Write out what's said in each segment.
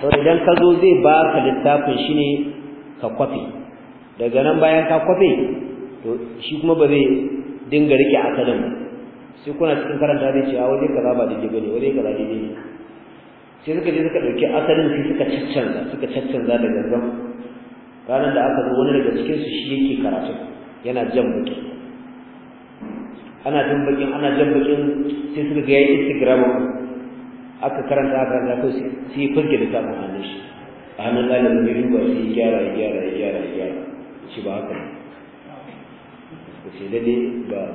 to idan ka zo zai ba ka littafin shi ne ka kwafe daga nan bayan ka kwafe to shi kuma ba zai dinga rike asalin sai kuna cikin karanta zai ce a waje zaba da daidai ne waje kaza daidai ne sai suka je suka ɗauki asalin sai suka caccanza suka caccanza da gangan ranar da aka zo wani daga cikin su shi yake karatu yana jan baki ana jan bakin ana jan bakin sai suka ga yayi instagram aka karanta aka karanta ko sai ya furke da sabon hannun shi a hannun ɗalibin ya duba sai ya gyara ya gyara ya gyara ya gyara shi ba haka ne ko sai dai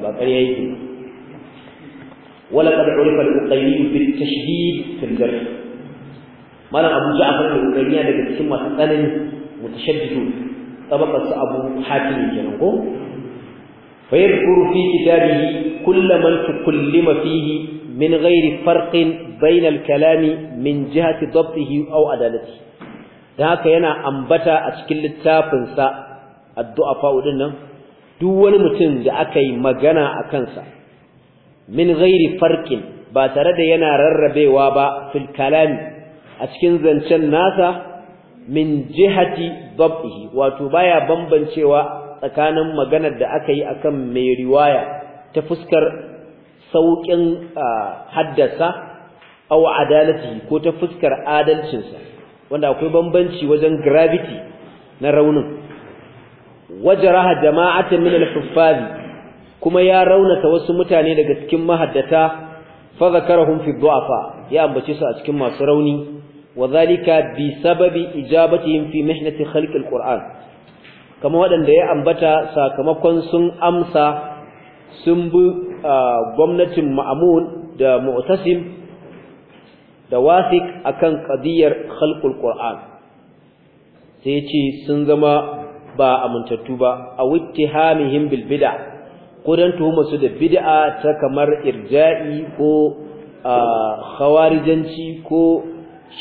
ba ƙarya yake ba ولقد عرف الأقيلي بالتشديد في الجرح مالا أبو جعفر الأقيلي لقد سمى ثاني متشدد طبقة أبو حاتم الجنوب فيذكر في كتابه كل من تكلم فيه min ghairi farqin bainal kalami min jihati dabtihi aw adalati dan haka yana ambata a cikin littafin sa addu'a fa'udin nan duk wani mutum da aka yi magana a kansa min ghairi farqin ba tare da yana rarrabewa ba fil kalami a cikin zancen nasa min jihati dabtihi wato baya bambancewa tsakanin maganar da aka yi akan mai riwaya ta fuskar Sauƙin haddasa aw adalati ko ta fuskar adalcinsa wanda akwai bambanci wajen gravity na raunin wajaraha jama'atan min al-huffazi kuma ya raunata wasu mutane daga cikin mahaddata fa zakarahum fi du'afa ya ambace su a cikin masu rauni wadhalika bi sababi ijabatihim fi mihnati khalq al-qur'an kama wadanda ya ambata sakamakon sun amsa sun bi gwamnatin ma'amun da mu'tasim da wasik akan qadiyar khalqul qur'an sai ce sun zama ba amintattu ba a wittihamihim bil bid'a ko dan tuhuma su da bid'a ta kamar irja'i ko khawarijanci ko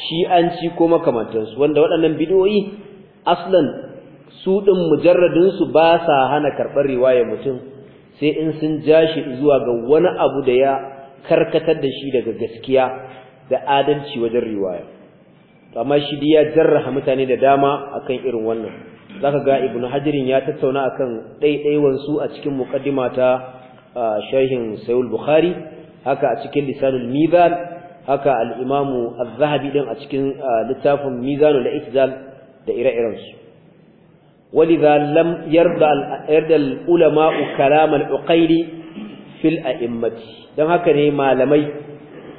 shi'anci ko makamantansu wanda waɗannan bidiyoyi aslan su ɗin mujarradinsu ba sa hana karɓar riwayar mutum sai in sun ja shi zuwa ga wani abu da ya karkatar da shi daga gaskiya da adalci wajen riwaya amma shi dai ya jarraha mutane da dama akan irin wannan zaka ga ibnu hajirin ya tattauna akan ɗaiɗaiwan su a cikin muqaddima ta sharhin sahih bukhari haka a cikin lisanul mizan haka al-imamu az-zahabi din a cikin littafin mizanul i'tizal da ire-irensu ولذا لم يرضى يرضى العلماء كلام العقيل في الأئمة dan haka ne malamai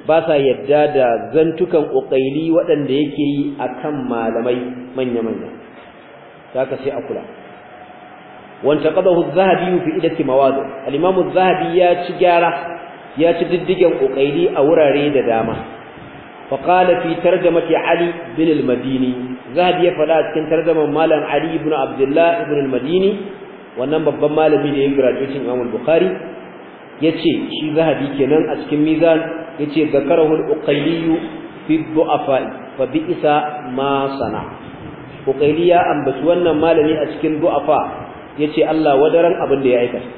ba sa yadda da zantukan uqaili waɗanda yake yi akan malamai manya manya saka sai akula. kula wanda qadahu az-zahabi fi idati mawadi al-imam az-zahabi ya ci gyara ya ci diddigen uqaili a wurare da dama fa qala fi tarjamati ali bin al-madini zahabi ya faɗa a cikin tarzaman malam ali ibn abdullah ibn al-madini wannan babban malami da ya graduation imam al-bukhari yace shi zahabi kenan a cikin mizan yace zakarahu al-uqayli fi du'afa fa isa ma sana uqayli ya ambaci wannan malami a cikin du'afa yace Allah wadaran abin da ya aikata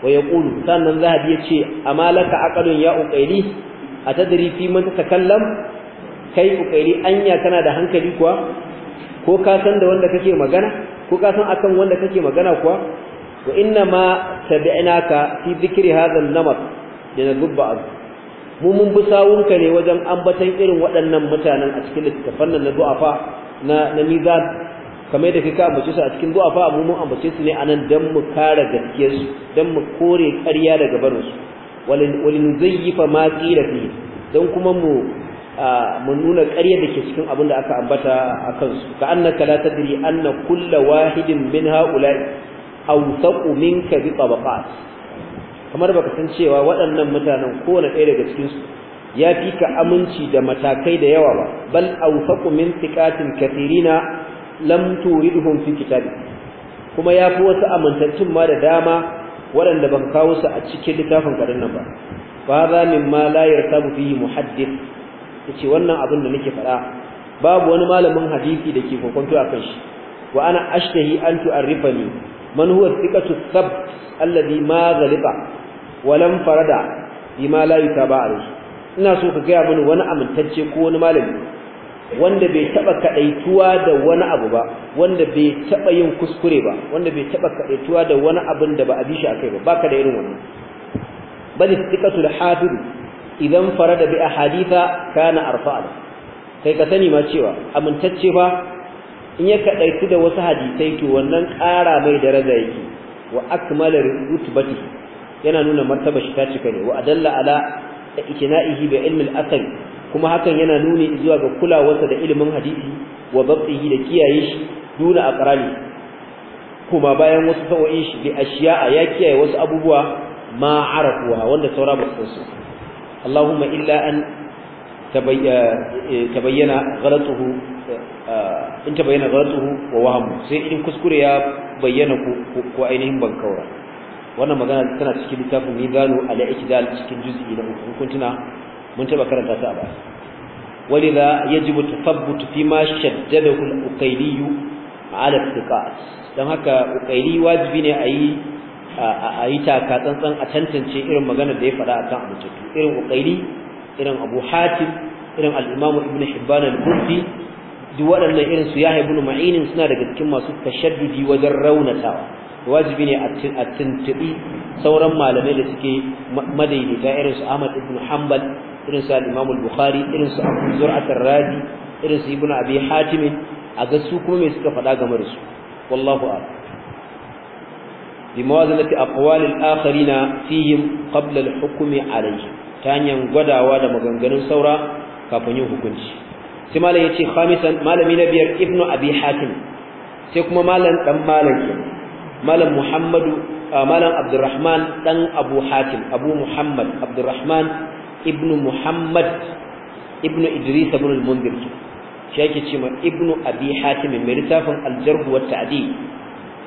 wa yaqulu sannan zahabi yace amalaka aqalun ya uqayli atadri fi man tatakallam kai ukaili anya kana da hankali kuwa ko ka san da wanda kake magana ko ka san akan wanda kake magana kuwa wa inna ma tabi'naka fi dhikri hadha an-namat linadubba az mu mun bi sawunka ne wajen ambatan irin waɗannan mutanen a cikin littafan nan na du'afa na na mizan kamar yadda kika ambace su a cikin du'afa mu mun ambace su ne anan dan mu kare gaskiyar su dan mu kore ƙarya daga barin su walin walin zayyifa ma qila fi dan kuma mu mun nuna ƙarya da ke cikin abin da aka ambata a kansu ka annaka la tadri anna kulla wahidin min haula'i awsaqu minka bi tabaqat kamar baka san cewa waɗannan mutanen kowane ɗaya daga cikin su ya fi ka aminci da matakai da yawa ba bal awsaqu min thiqatin kathirina lam turidhum fi kitabi kuma ya fi wasu amintattun ma da dama waɗanda ban kawo su a cikin littafin kaɗan nan ba fa za min ma la yartabu fihi muhaddith ce wannan abin da nake faɗa babu wani malamin hadisi da ke kokonto a kan shi wa ana ashtahi an ni man huwa thiqatu thabt alladhi ma ghaliba wa lam farada bima la yutaba alayhi ina so ka gaya mini wani amintacce ko wani malami wanda bai taba kadaituwa da wani abu ba wanda bai taba yin kuskure ba wanda bai taba kadaituwa da wani abin da ba a bi shi akai ba baka da irin wannan balis thiqatu al idan farada bi ahaditha kana arfa'a kai ka sani ma cewa amintacce fa in ya kadaitu da wasu hadisai to wannan ƙara mai daraja yake wa akmala rutbati yana nuna martaba shi ta cika ne wa adalla ala ikina'ihi bi ilmi al-asl kuma hakan yana nuni zuwa ga kulawarsa da ilimin hadisi wa babtihi da kiyaye shi duna aqrani kuma bayan wasu sa'o'in shi bi ashiya ya kiyaye wasu abubuwa ma arafuwa wanda saura ba su اللهم إلا أن تبين غلطه in ta bayyana gharatuhu wa wahamu sai in kuskure ya bayyana ko ainihin bankaura wannan magana tana cikin littafin mizanu al-ikdal cikin juz'i na uku mun taba karanta ta ba walidha yajibu tathabbut fi ma shaddadahu al-uqayli ala al-thiqat dan haka uqayli wajibi ne ayi a yi taka tsantsan a tantance irin magana da ya faɗa akan abutattu irin uqaili irin abu hatim irin al-imam ibn hibban al-kurdi duk waɗannan irin su yahya ibn ma'in suna daga cikin masu tashaddudi wajen raunatawa wajibi ne a tuntubi sauran malamai da suke madaidaita irin su ahmad ibn hanbal irin su al-imam al-bukhari irin su abu zur'at ar-razi irin su ibn abi hatim a ga su kuma me suka faɗa game da su wallahu a'lam بموازنة أقوال الآخرين فيهم قبل الحكم عليه تانيا gwadawa da maganganun saura kafin yin hukunci sai malam yace khamisan malami na biyar ibnu abi hatim sai kuma malam dan malam malam muhammadu malam dan abu hatim abu muhammad abdurrahman ibnu muhammad ibnu idris ibn al-mundir shi yake cewa ibnu abi hatim mai littafin al-jarh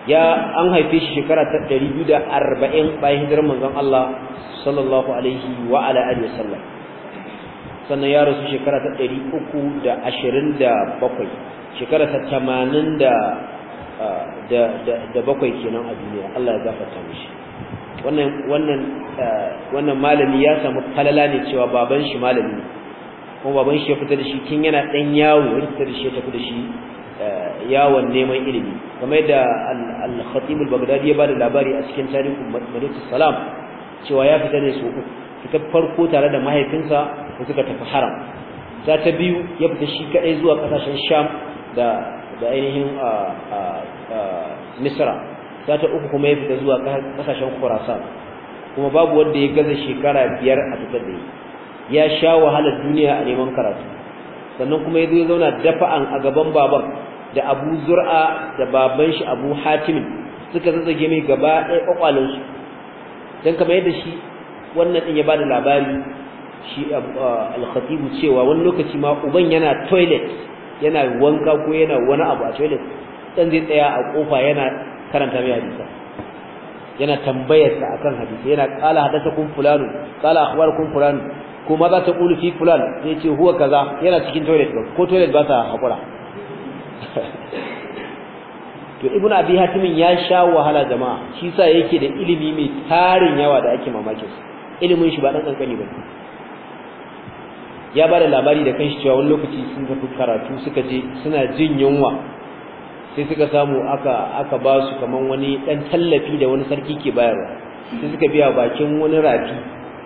ya an haife shi shekara ta 240 bayan hijirar manzon Allah sallallahu alaihi wa ala alihi wasallam sannan ya rasu shekara ta 327 shekara ta 80 da da da bakwai kenan a duniya Allah ya gafarta mishi wannan wannan wannan malami ya samu kalala ne cewa baban shi malami ne kuma baban shi ya fita da shi kin yana dan yawo ya fita da shi ya tafi da shi yawon neman ilimi kamar yadda al-khatib ya bada labari a cikin tarihin madinatu salam cewa ya fita ne su uku fita farko tare da mahaifinsa da suka tafi haram za ta biyu ya fita shi kadai zuwa kasashen sham da da ainihin misra za ta uku kuma ya fita zuwa kasashen khurasan kuma babu wanda ya gaza shekara biyar a fitar da ya sha wahalar duniya a neman karatu sannan kuma ya zo ya zauna dafa'an a gaban baban da Abu Zur'a da baban shi Abu Hatim suka zazzage mai gaba ɗaya kwakwalin su don kamar yadda shi wannan ɗin ya da labari shi uh, al-khatib cewa wani lokaci ma uban yana toilet yana wanka ko yana wani abu a toilet ɗan zai tsaya a ƙofa yana karanta mai hadisa yana tambayar sa akan hadisa yana kun fulano ƙala qala kun fulano ko ma za ta qulu fi fulan sai ce huwa kaza yana cikin toilet ko toilet ba sa hakura to ibnu abi hatimin ya sha wahala jama'a shi sa yake da ilimi mai tarin yawa da ake mamakin sa ilimin shi ba dan kankani ba ya bada labari da kanshi cewa wani lokaci sun tafi karatu suka je suna jin yunwa sai suka samu aka aka ba su kaman wani dan tallafi da wani sarki ke bayarwa sai suka biya bakin wani rafi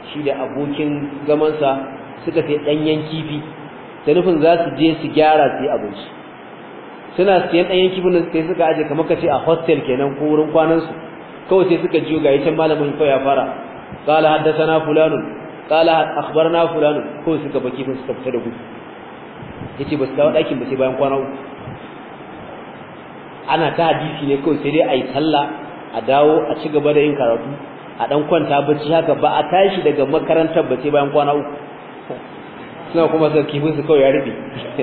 shi da abokin gamansa suka sai danyen kifi da nufin za su je su gyara su yi abinci suna siyan ɗan yanki bunan sai suka aje kamar kace a hostel kenan ko wurin kwanan su kawai sai suka jiyo ga yakin malamin kawai ya fara qala haddathana fulanun qala akhbarna fulanun kawai suka baki kun suka fita da gudu yace ba su dawo ɗakin ba sai bayan kwana uku ana ta hadisi ne kawai sai dai yi sallah a dawo a ci gaba da yin karatu a dan kwanta bacci haka ba a tashi daga makarantar ba sai bayan kwana uku suna kuma sarki su kawai ya rufe.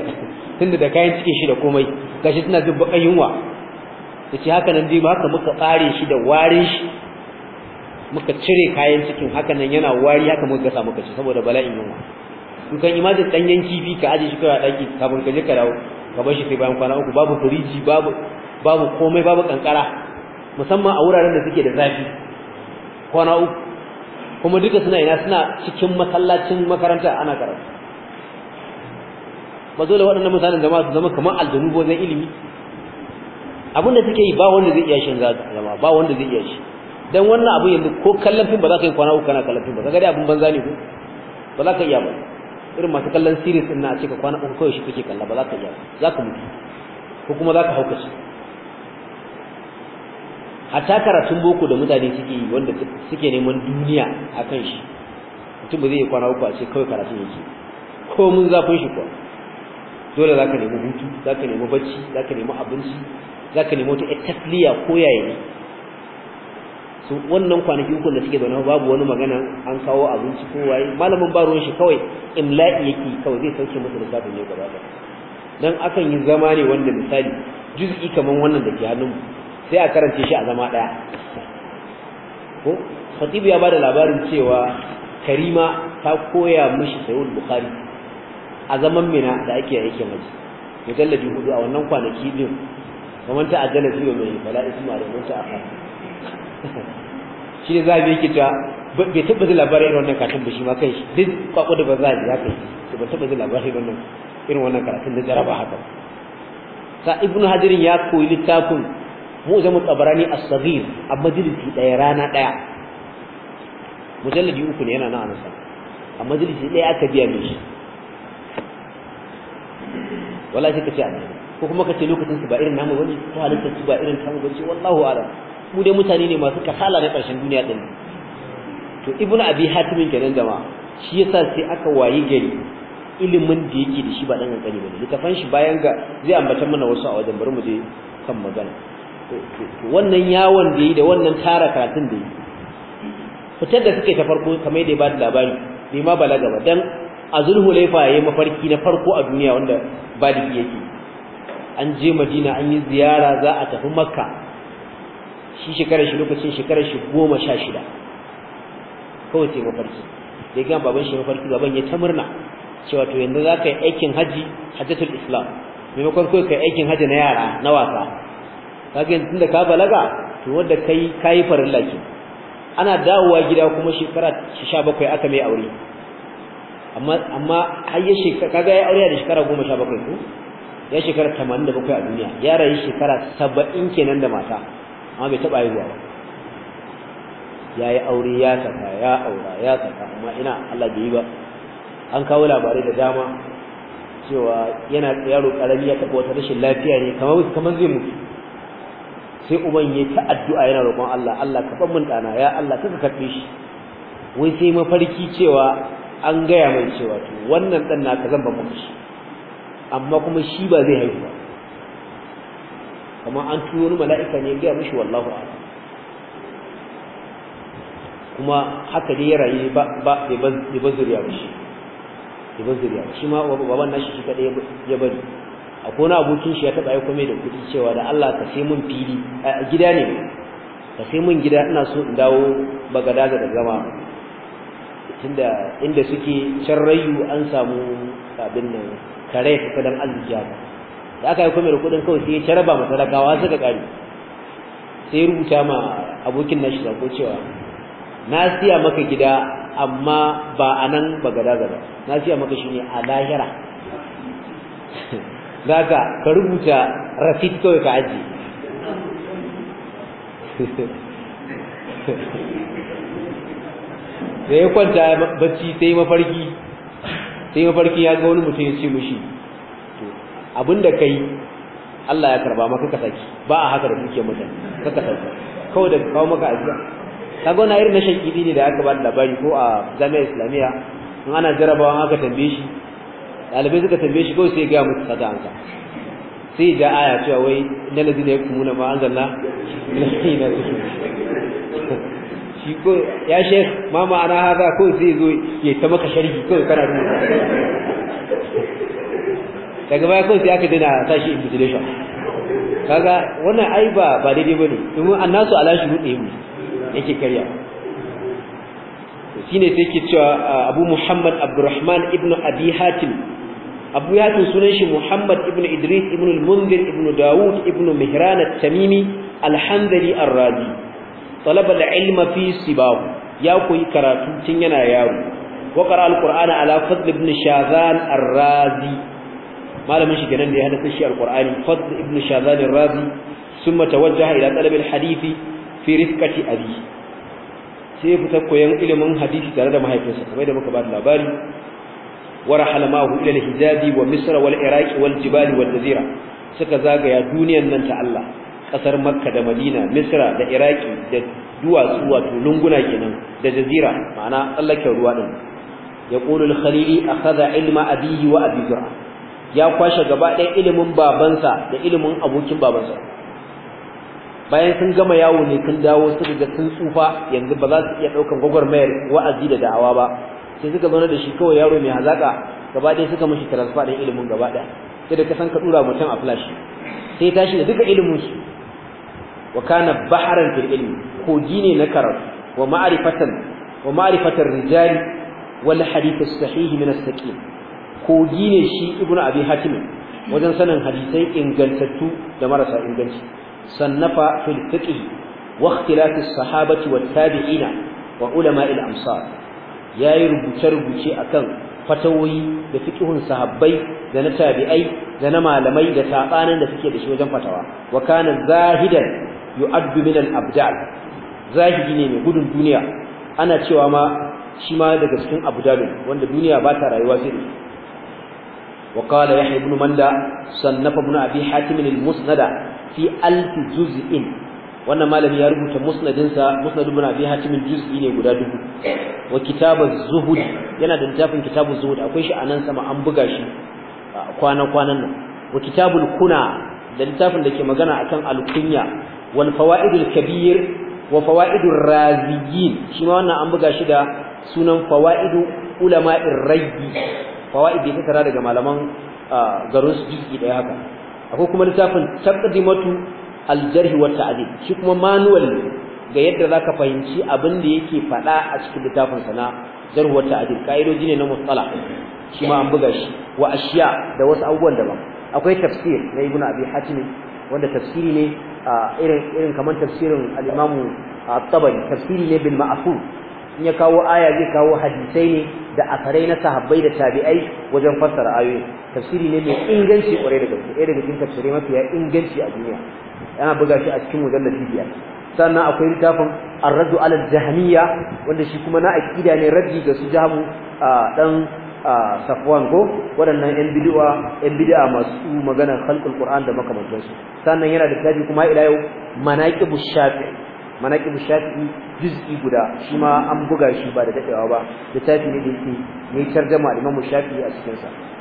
tunda da kayan cikin shi da komai gashi tana jin bakan yunwa yace haka nan dai haka muka kare shi da warin shi muka cire kayan cikin haka nan yana wari haka muka gasa muka ci saboda bala'in yunwa in kan imajin danyen kifi ka aje shi a daki kafin ka je ka dawo ka bar shi sai bayan kwana uku babu firiji babu babu komai babu kankara musamman a wuraren da suke da zafi kwana uku kuma duka suna ina suna cikin masallacin makaranta ana karatu ba da waɗannan mutanen zama su zama kamar aljanu ko zan ilimi abinda suke yi ba wanda zai iya shi zama ba wanda zai iya shi dan wannan abu yanzu ko kallon fim ba za ka yi kwana uku kana kallon fim ba kaga dai abin banza ne ko ba za ka iya ba irin masu kallon series din na a ce ka kwana uku kawai shi kake kalla ba za ka iya za ka mutu ko kuma za ka a hatta karatun boko da mutane suke yi wanda suke neman duniya a kan shi mutum ba zai yi kwana uku a ce kawai karatun yake ko mun zafin shi kuwa dole zaka nemi hutu zaka nemi bacci zaka nemi abinci ka nemi wata tasliya ko yayi su wannan kwanaki uku da suke zaune babu wani magana an kawo abinci ko waye malamin ba ruwan shi kawai imla'i yake kawai zai sauke musu lissafin ne gaba da dan akan yi zama ne wanda misali juz'i kaman wannan da ke hannun sai a karance shi a zama daya ko khatib ya bada labarin cewa karima ta koya mishi sahih bukhari a zaman mina da ake yake maji mujalladi hudu a wannan kwanaki din kamar ta ajala fiye mai fala isma da mutu afa shi ne za a yake ta bai taɓa ji labarai irin wannan karatun ba shi ma kai shi duk kwakwa da ba za a ji haka yi ba taɓa ji labarin irin wannan karatun da jaraba haka sa ibnu hadirin ya koyi littafin mu'jamu tabarani as-saghir a majalisi ɗaya rana ɗaya mujalladi uku ne yana nan a a majalisi ɗaya aka biya mai shi wallahi kace annabi ko kuma kace lokacin su ba irin namu bane ko halitta su ba irin tamu bane wallahu alam mu dai mutane ne masu kasala na karshen duniya din to ibnu abi hatim kenan jama'a shi yasa sai aka wayi gari ilimin da yake da shi ba dan kankani bane litafan shi bayan ga zai ambata mana wasu a wajen bari mu je kan magana to wannan yawon da yi da wannan tara karatun da yi fitar da suke ta farko kamar yadda ya ba da labari ne ma balaga ba dan a ya yayi mafarki na farko a duniya wanda baligi yake an je madina an yi ziyara za a tafi makka shi shekarar shi lokacin shekarar shi goma sha shida kawai sai mafarki da ya baban shi mafarki baban ya ta murna cewa to yanzu za ka yi aikin hajji hajjatul islam maimakon kawai ka yi aikin hajji na yara na wasa kaga yanzu tunda ka balaga to wanda kai yi farin laki ana dawowa gida kuma shekara 17 aka mai aure amma har yi shekara kaga ya aure da shekara 17 ko ya shekara 87 a duniya ya rayu shekara 70 kenan da mata amma bai taba haihuwa ba ya yi aure ya saka ya aura ya saka amma ina Allah bai yi ba an kawo labarai da dama cewa yana yaro karami ya taɓa wata rashin lafiya ne kamar kamar zai mutu sai uban ya ta addu'a yana roƙon Allah Allah ka ban mun dana ya Allah ka karbe shi wai sai mafarki cewa an gaya mai cewa to wannan dan naka zan ba muku shi amma kuma shi ba zai haihu ba amma an turo ni mala'ika ne gaya mishi wallahu a'lam kuma haka dai ya rayu ba ba bai ba zuriya ba shi bai ba zuriya shi ma baban nashi shi kadai ya bari akwai wani abokin shi ya taba aiko mai da kudi cewa da Allah ka sai mun fili a gida ne ka sai mun gida ina so in dawo bagada da zama tunda inda suke can rayu an samu abin nan kare tattalin arziki haka da aka yi kuma da kuɗin kawai sai ya masarakawa matalakawa suka ƙari sai rubuta ma abokin nashi ko cewa na siya maka gida amma ba a nan ba gada gada na siya maka shi ne a lahira za ka ka rubuta rafit kawai ka aji da ya kwanta bacci sai mafarki sai mafarki ya ga wani mutum ya ce mishi to da kai Allah ya karba maka ka saki ba a haka da duke mutum ka ka sauka kawai da kawo maka ajiya kaga wani irin na shakidi ne da aka ba labari ko a jami'a islamiyya in ana jarabawa aka tambaye shi ɗalibai suka tambaye shi kawai sai ya gaya musu kaga an sa sai ja aya cewa wai na lazina ya kumuna ma an zanna na shi ko ya shek ma ma'ana haza ko zai zo ya ta maka sharhi ko kana rubuta daga baya ko sai aka dina sa shi invitation kaga wannan ai ba ba daidai bane kuma annasu ala shuruɗi mu yake karya shine sai ke cewa uh, Abu Muhammad Abdurrahman ibn Abi Hatim Abu Hatim sunan shi Muhammad ibn Idris ibn al-Mundhir ibn Dawud ibn Mihran at-Tamimi al-Hanbali ar-Razi talaba al-ilma fi sibahu ya koyi karatu tun yana yaro wa qara al-qur'ana ala fadl ibn shazan ar-razi malamin shi kenan da ya hada shi al-qur'ani ibn shazan ar-razi thumma tawajjaha ila talab al-hadith fi rifqati abi sai fita koyan ilimin hadisi tare da mahaifinsa kamar da muka ba da labari ورحل معه إلى الهجاز ومصر والعراق والجبال والجزيرة سكذاك يا دنيا من تعالى kasar makka da madina misra da iraki da duwatsu wato lunguna kenan da jazira ma'ana tsallaken ruwa din ya qulu khalili akhadha ilma abihi wa abi zur'a ya kwashe gaba ɗaya ilimin babansa da ilimin abokin babansa bayan sun gama yawo ne sun dawo su ga sun tsufa yanzu ba za su iya daukan gwagwarmayar wa'azi da da'awa ba sai suka zauna da shi kawai yaro mai hazaka gaba ɗaya suka mishi transfer ɗin ilimin gaba ɗaya sai da kasan ka dura mutum a flash sai tashi da duka ilimin su wa kana baharan ilmi kogi ne na karatu wa ma'rifatan rijali wal hadith as-sahih min as kogi ne shi ibnu abi hatim wajen sanin hadisai ingantattu da marasa inganci sannafa fil fiqh wa ikhtilaf as-sahabati wat tabi'ina wa ulama al-amsar yayi rubuce rubuce a kan fatawoyi da fiqhun sahabbai da na tabi'ai da na malamai da sabanin da suke da shi wajen fatawa wakanan zahidan yu'addu min al-abdal zahiri ne mai gudun duniya ana cewa ma shi ma daga cikin abdalun wanda duniya ba ta rayuwa sai wa qala yahya ibn manda sannafa ibn abi hatim al-musnada fi alf juz'in wannan malami ya rubuta musnadin sa musnad ibn abi hatim juz'i ne guda dubu wa kitabuz zuhud yana da littafin kitabuz zuhud akwai shi anan sama an buga shi kwana kwanan nan wa kitabul kuna da littafin da ke magana akan al-kunya wal fawaidul kabir wa fawaidur raziyin shi wannan an buga shi da sunan fawaidu ulama'ir rayyi fawaid da tara daga malaman garin su jiki daya haka akwai kuma littafin taqdimatu matu jarh wa ta'dil shi kuma manual ga yadda zaka fahimci abin da yake faɗa a cikin littafin sa na jarh wa ta'dil kaidoji ne na mustalah shi an buga shi da wasu abubuwan daban akwai tafsir na ibnu abi wanda tafsiri ne irin irin kamar tafsirin al at tabari tafsiri ne bil ma'qul in ya kawo aya zai kawo hadisai ne da akarai na sahabbai da tabi'ai wajen fassara ayoyi tafsiri ne mai inganci kwarai da gaske ɗaya daga cikin tafsirai ya inganci a duniya yana buga shi a cikin wajen biyar sannan akwai littafin ar-raddu ala jahmiya wanda shi kuma na aqida ne raddi ga su jahmu dan a safwan ko waɗannan yan bid'a yan bid'a masu maganar khalqul qur'an da makamantarsu sannan yana da tafi kuma ila yau manaqibu shafi'i manaqibu shafi'i juz'i guda shi ma an buga shi ba da dadewa ba tafi ne da yake ne tarjuma imamu shafi'i a cikin sa cikinsa.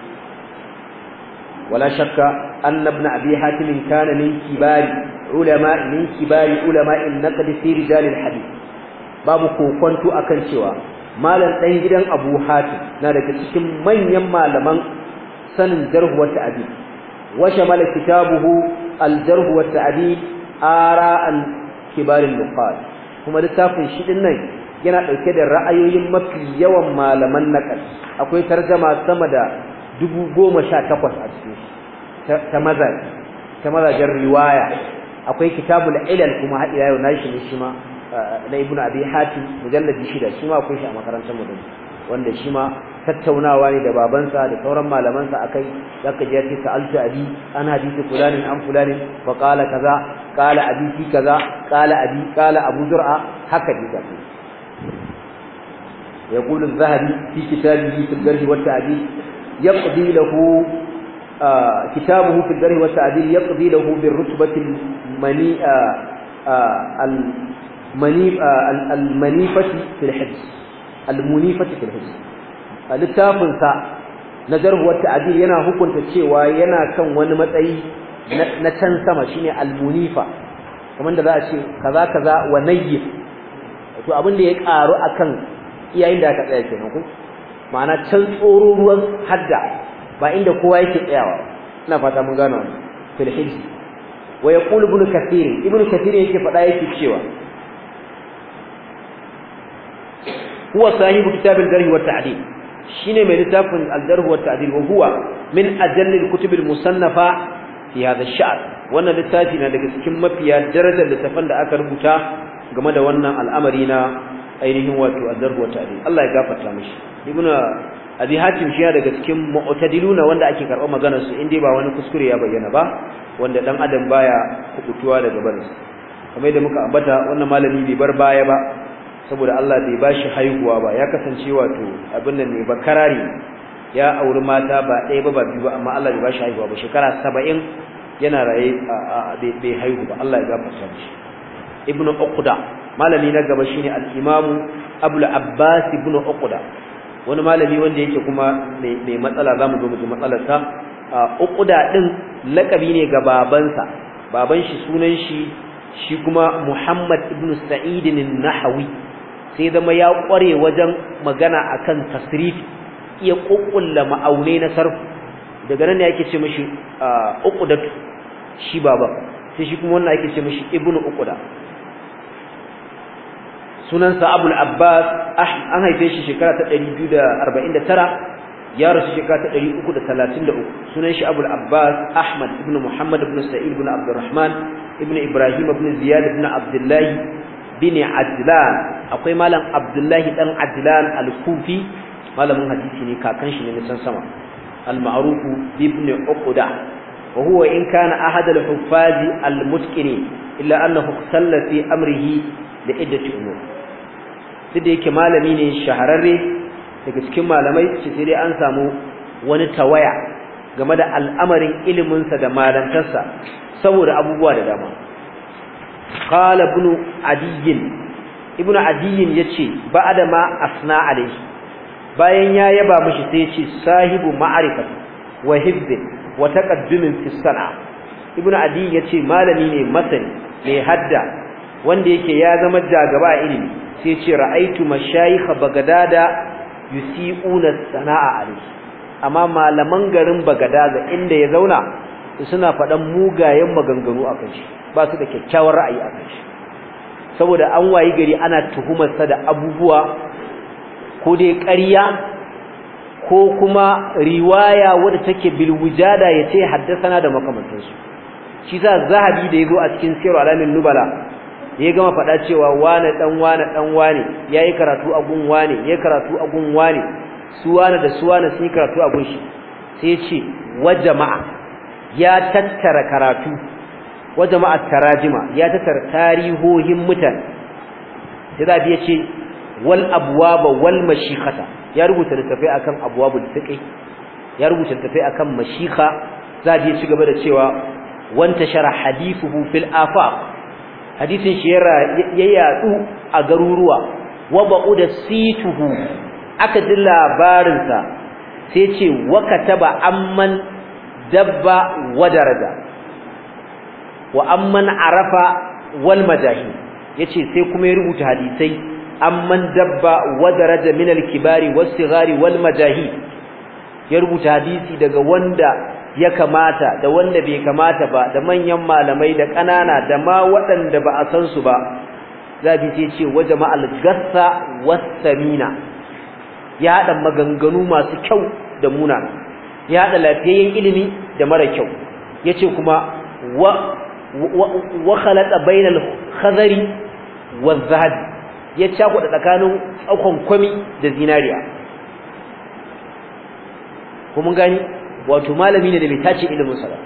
Wala shakka an nabna حاتم كان من كبار علماء ulama in علماء da في رجال الحديث babu kokonto akan cewa malam ɗan gidan abu hatim na daga cikin manyan malaman sanin jarhu wa ta'dil wa shamala kitabuhu al-jarh wa ta'dil ara'an kibarin nuqad kuma littafin shi din nan yana ɗauke da ra'ayoyin mafi yawan malaman naqal akwai tarjama sama da 1018 a cikin ta maza ta riwaya akwai kitabul ilal kuma har ila yau nashi ne shi ma na ibn abi hatim mujalladi shida shi ma kun shi a makarantar mu wanda shi ma tattaunawa ne da babansa da sauran malamansa akai zaka je ka sa'alta abi an hadisi fulanin an fulanin fa qala kaza qala abi fi kaza qala abi qala abu zur'a haka dai zaka يقول الذهبي في كتابه في الجرح والتعديل يقضي له كتابه في الجرح والتعديل يقضي له بالرتبة mani. al-manifati fil hibs al-munifati fil hibs littafin sa na jarhu wa ta'dil yana hukunta cewa yana kan wani matsayi na can sama shine al-munifa kamar da za a ce kaza kaza wa nayyif to abin da ya karu akan iyayen da aka tsaya kenan ko ma'ana can tsoro ruwan hadda ba inda kowa yake tsayawa ina fata mun gano wannan fil hibs wa yaqulu ibn kathir ibn kathir yake fada yake cewa huwa sahibu kitabil jarh wa ta'dil shine mai littafin al-jarh wa ta'dil wa huwa min ajalli al-kutub al-musannafa fi hadha ash-sha'r wannan littafi na daga cikin mafiya darajar littafin da aka rubuta game da wannan al'amari na ainihin wato al-jarh wa ta'dil Allah ya gafarta mishi ibnu abi hatim shi daga cikin mu'tadiluna wanda ake karɓar maganar su indai ba wani kuskure ya bayyana ba wanda dan adam baya kubutuwa daga barin kamar yadda muka ambata wannan malami bai bar baya ba saboda Allah bai bashi haihuwa ba ya kasance wato abin nan ne ba karari ya auri mata ba ɗaya ba ba biyu ba amma Allah bai bashi haihuwa ba shekara 70 yana raye a bai haihu ba Allah ya gafarta mishi ibnu uqda malami na gaba shine al-imamu abul abbas ibnu uqda wani malami wanda yake kuma mai matsala zamu zo mu ji matsalarsa uqda din lakabi ne ga babansa baban shi sunan shi shi kuma Muhammad ibnu Sa'id an-Nahawi sai zama ya kware wajen magana akan tasrifi iya kokkulla ma'aune na sarf daga nan ne yake ce mishi uqudatu shi baba sai shi kuma wannan yake ce mishi ibnu uquda sunansa abul abbas ah, an haife shi shekara ta 249 ya rasu shekara ta 333 sunan shi abul abbas ahmad ibnu muhammad ibn sa'id ibn abdurrahman ibnu ibrahim ibn ziyad ibn abdullahi. bin Adlan akwai malam Abdullahi dan Adlan al-Kufi malamin hadisi ne kakan shi ne nisan sama al-ma'ruf ibn Uqda wa huwa in kana ahad al-huffaz al-mutqini illa annahu khalla fi amrihi da iddati umur sai da yake malami ne shahararre daga cikin malamai sai dai an samu wani tawaya game da al'amarin iliminsa da malantarsa saboda abubuwa da dama qala ibn adiy ibn adiy yace ba'da ma asna alayhi bayan ya yaba mishi sai yace sahibu ma'rifat wa hibb wa taqaddum fi sana ibn adiy yace malami ne masani ne hadda wanda yake ya zama jagaba a ilimi sai yace ra'aitu mashayikh bagadada yusi'una sana'a alayhi amma malaman garin bagadaza inda ya zauna suna faɗan mugayen maganganu a kan ba su da kyakkyawar ra'ayi a kai saboda an wayi gari ana tuhumar sa da abubuwa ko dai ƙarya ko kuma riwaya wadda take bilwujada ya ce na da makamantansu shi za zahabi da ya zo a cikin sirru alamin nubala ya gama faɗa cewa wane ɗan wane ɗan wane ya yi karatu a gun wane ya karatu a gun wane su wane da su wane sun yi karatu a gun shi sai ce wa jama'a ya tattara karatu wa jama'a tarajima ya tatar tarihohin mutane sai zabi ya rubuta littafai akan abwabul fiqh ya rubuta littafai da cewa wanta shara hadithuhu fil afaq hadisin shi ya yatsu a garuruwa wa ba'uda situhu aka ji labarinsa sai ce wa kataba amman dabba wa amman arafa wal majahi yace sai kuma ya rubuta hadisai amman dabba wa daraja min al kibari was sigari wal majahi ya rubuta hadisi daga wanda ya kamata da wanda bai kamata ba da manyan malamai da kanana da ma waɗanda ba a san su ba zabi ce ce wa jama'al gassa was samina ya hada maganganu masu kyau da munana ya hada lafiyayyen ilimi da mara kyau yace kuma wa wa khalata bainal khadari wa zahab ya da tsakanin tsakon kwami da zinariya kuma gani wato malami ne da bai tace ilimin sa ba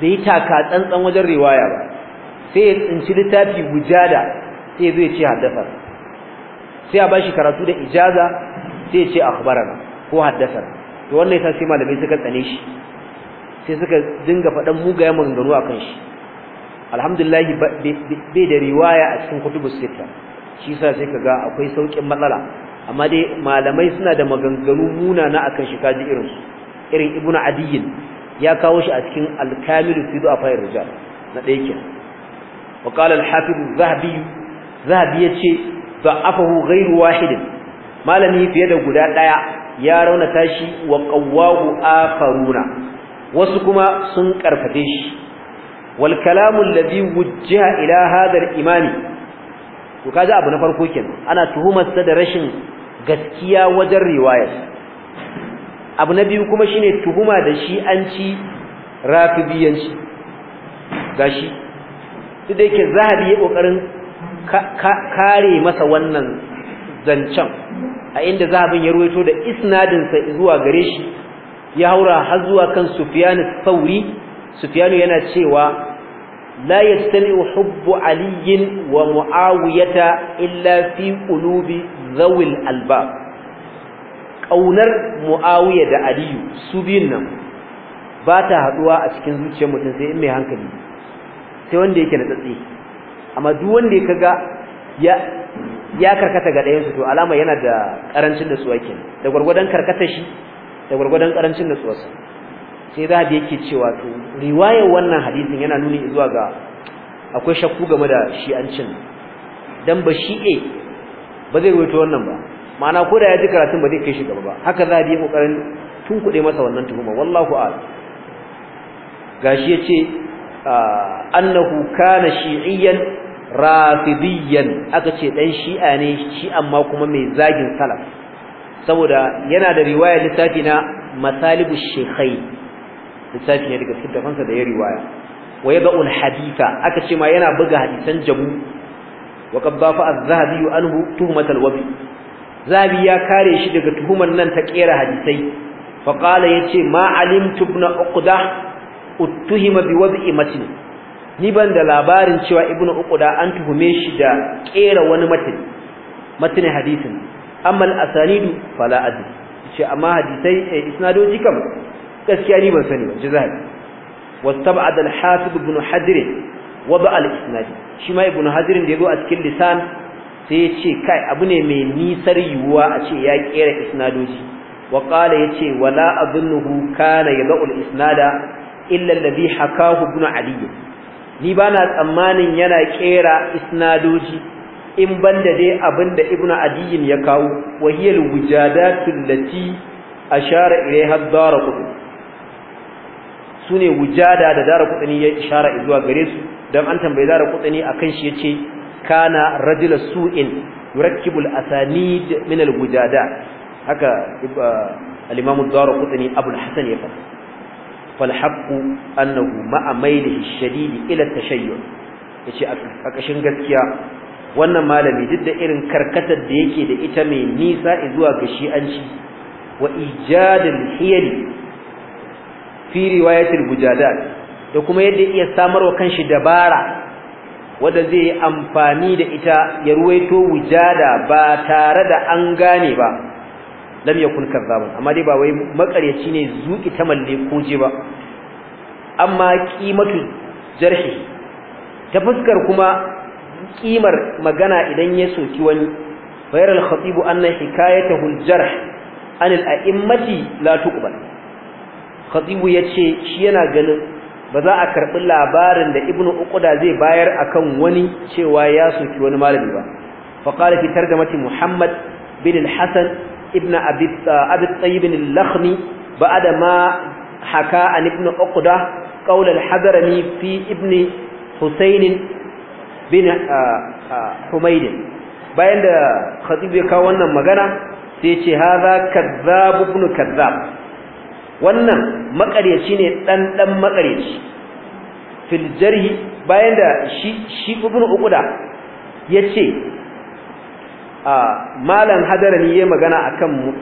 bai taka tsantsan wajen riwaya ba sai ya tsinci littafi gujada sai ya zo ya ce haddasa sai ya bashi karatu da ijaza sai ya ce akhbarana ko haddasa to wannan yasa sai malamai suka tsane shi sai suka dinga faɗan mugayen maganganu kan shi alhamdulillah bai da riwaya a cikin kutubus sita shi yasa sai kaga akwai saukin matsala amma dai malamai suna da maganganu muna na akan shi kaji irin su irin ibnu adiyin ya kawo shi a cikin al-kamil fi du'afa rijal na ɗaya kenan wa qala al-hafiz zahabi zahabi yace afahu ghayru wahid malami fiye da guda daya ya raunata shi wa qawwahu akharuna wasu kuma sun karfade shi wal kalamu alladhi wujjiha ila hadha imani to kaji abu na farko kenan ana tuhumar sa da rashin gaskiya wajen riwaya. abu na biyu kuma shine tuhuma da shi an ci rafidiyanci gashi duk da yake zahabi ya kokarin kare masa wannan zancen a inda zahabin ya ruwaito da isnadin sa zuwa gare shi ya haura har zuwa kan sufyanu sauri. sufyanu yana cewa لا يجتمع حب علي ومعاوية إلا في قلوب ذوي الألباب ƙaunar mu'awiya da aliyu su biyun nan ba ta haɗuwa a cikin zuciyar mutum sai in mai hankali sai wanda yake na tsatsi amma duk wanda ya kaga ya karkata ga ɗayansu to alama yana da ƙarancin da tsuwa kenan da gwargwadon karkata shi da gwargwadon ƙarancin da tsuwarsa sai za zahabi yake cewa to riwayar wannan hadisin yana nuni zuwa ga akwai shakku game da shi'ancin dan ba shi'e ba zai ruwaito wannan ba ma'ana ko da ya ji karatun ba zai kai shi gaba ba haka za da ya kokarin tunkuɗe masa wannan tuhuma wallahu a'lam gashi yace annahu kana shi'iyan rafidiyyan aka ce dan shi'a ne shi amma kuma mai zagin salaf saboda yana da riwaya littafi na masalibu shekhai littafi ne daga cikin da ya riwaya wa yadul haditha aka ce ma yana buga hadisan jamu. wa qad az-zahabi anhu tuhmat al zabi ya kare shi daga tuhuman nan ta kera hadisai fa qala yace ma alimtu ibn uqda uttuhima bi wad'i ni ban da labarin cewa ibn uqda an tuhume shi da kera wani matin matin hadisin amma al-asanidu fala adri ce amma hadisai eh, isnadoji kam gaskiya ni ban sani ba jazai wastab'ad al-hafiz ibn hadir wada al-isnad shi ma ibn hadir da yazo a cikin lisan sai ya ce kai abu ne mai nisar yuwa a ce ya kera isnadoji wa qala yace wala nuhu kana yad'u al-isnada illa alladhi hakahu ibn ali ni bana tsammanin yana kera isnadoji in banda dai abinda ibnu adiyin ya kawo wahiyal wujadatul lati ashara ilaiha ad-darqutni sune wujada da dara kudani ya ishara zuwa gare su don an tambaye dara kudani akan shi yace kana rajul su'in yurakkibul asanid min alwujada haka uh, al-imam dara kudani abul hasan ya faɗa fal haqqu annahu ma'a mailihi ash ila tashayyu yace a kashin gaskiya wannan malami duk da irin karkatar da yake da ita mai nisa zuwa ga shi'anci wa ijadul hiyali fi riwayatul bujadat da kuma yadda iya samarwa kanshi dabara wanda zai yi amfani da ita ya ruwaito wujada ba tare da an gane ba lam yakun kazzaban amma dai ba wai makaryaci ne zuki ta malle koje ba amma kimatu jarhi ta fuskar kuma kimar magana idan ya soki wani bayar al-khatib anna hikayatahu al-jarh an al-a'immati la tuqbal khatibu yace shi yana ganin ba za a karbi labarin da ibnu uqda zai bayar akan wani cewa ya soki wani malami ba fa qala fi tarjamati muhammad bin al-hasan ibnu uh, abi tayyib al-lakhmi ba'da ma haka an ibnu uqda qawl al-hadrami fi ibni husayn bin uh, uh, humayd bayan da khatibu ya kawo wannan magana sai ce hadha kadhab ibn kadhab wannan maƙaryaci ne dan dan makaryaci fil jarhi bayan da shi shi ibnu uquda yace a malam hadarani yayi magana akan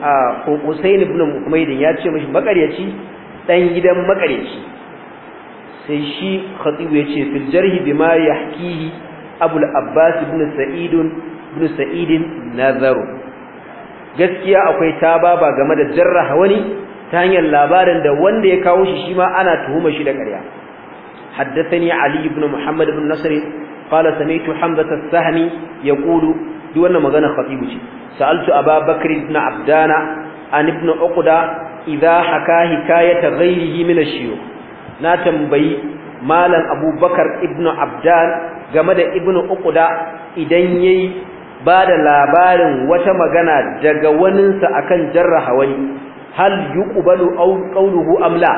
Husayn ibn Umayd yace mishi makaryaci dan gidan makaryaci sai shi khatib yace fil jarhi bima yahkihi Abul Abbas ibn Sa'id ibn Sa'id nazaru gaskiya akwai tababa game da jarraha wani ta hanyar labarin da wanda ya kawo shi shi ma ana tuhumar shi da ƙarya haddathani ali ibn muhammad ibn nasr qala sami'tu hamza as-sahmi yaqulu duk wannan magana khatibu ce sa'altu ababakr ibn abdana an ibn uqda idha haka hikayata ghayrihi min ash-shuyukh na tambayi malam abubakar ibn abdan game da ibn uqda idan yayi ba da labarin wata magana daga waninsa akan jarraha wani hal yuqbalu aw qawluhu am la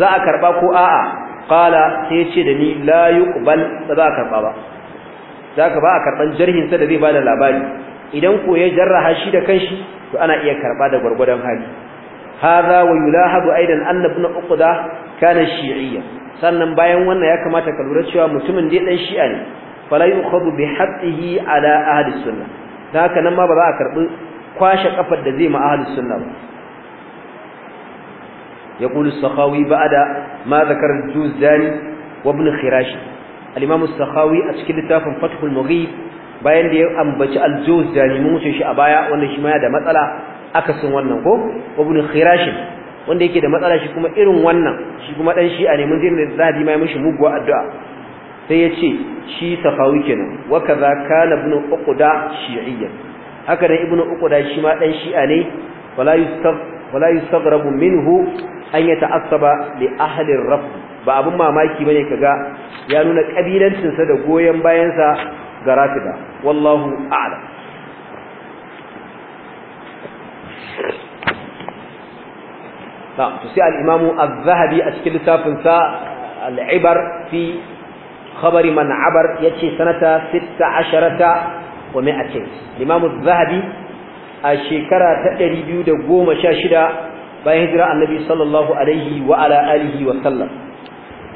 za a karba ko a'a qala sai yace da ni la yuqbal za a karba ba za ka ba a karban jarhin sa da zai bada labari idan ko ya jarraha shi da kanshi to ana iya karba da gurgurdan hali hadha wa yulahabu aidan anna ibn uqda kana shi'iyya sannan bayan wannan ya kamata ka lura cewa mutumin dai dan shi'a ne fala yukhadu bi haddihi ala ahli sunnah haka nan ma ba za a karbi kwashe kafar da zai ma ahli sunna ba يقول السخاوي بعد ما ذكر الجوزاني وابن خراشي الإمام السخاوي a cikin littafin المغيب bayan da ya ambaci al-juzani mun wuce shi a baya wannan shi ma ya da matsala akasin wannan ko ibn khirash wanda yake da matsala shi kuma irin wannan shi kuma dan shi a ne mun dinga zabi mai mishi muguwa addu'a sai ya ce shi safawi kenan wa kaza kana ibn uqda shi'iyyan haka ne ibn uqda shi ma dan shi'a ne wala yustaf wala yustagrabu minhu an ya ta'assaba li ahalin rabb ba abin mamaki ba bane kaga ya nuna kabilancin sa da goyon bayansa ga rafida wallahu a'lam ta to sai al-imam zahabi a cikin littafin al'ibar al-ibar fi khabari man abar yace sanata 16 wa 200 imam az-zahabi a shekara ta 216 bayan hijira annabi sallallahu alaihi wa ala alihi wa sallam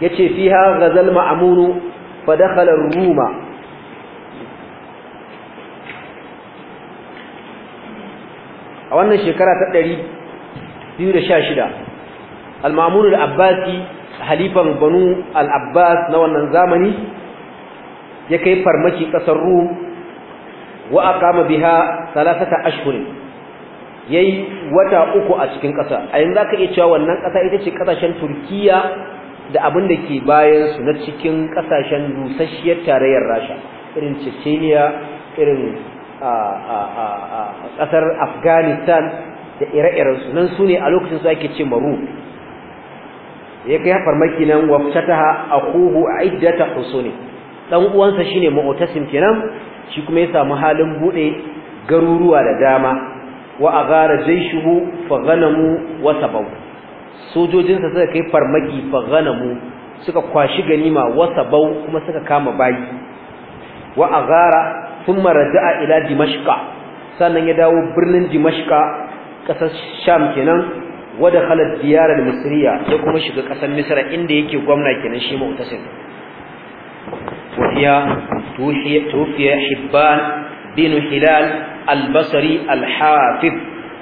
yace fiha ghazal ma'munu fa dakhala ar-ruma a wannan shekara ta 216 al-ma'mun al-abbasi halifan banu al-abbas na wannan zamani ya kai farmaki kasar rum wa aqama biha thalathata ashhurin yayi wata uku a cikin ƙasa a yanzu zaka iya cewa wannan ƙasa ita ce ƙasashen Turkiya da abin da ke bayan su na cikin ƙasashen dusasshiyar tarayyar Rasha irin Chechnya irin ƙasar Afghanistan da ire-iren su nan sune a lokacin su ake ce maru ya kai farmaki nan wa fataha akhuhu iddata husuni dan uwansa shine mu'tasim kenan shi kuma ya samu halin bude garuruwa da dama wa agara jayshuhu fa ghanamu wa sabaw sojojinsa suka kai farmaki fa ghanamu suka kwashi ganima wa sabaw kuma suka kama bayi wa agara thumma raja'a ila dimashqa sannan ya dawo birnin dimashqa ƙasar sham kenan wada khalat diyar al-misriya ya kuma shiga kasar misra inda yake gwamna kenan shi mu'tasim wa hiya tuhiya tufiya hibban bin hilal al-basri al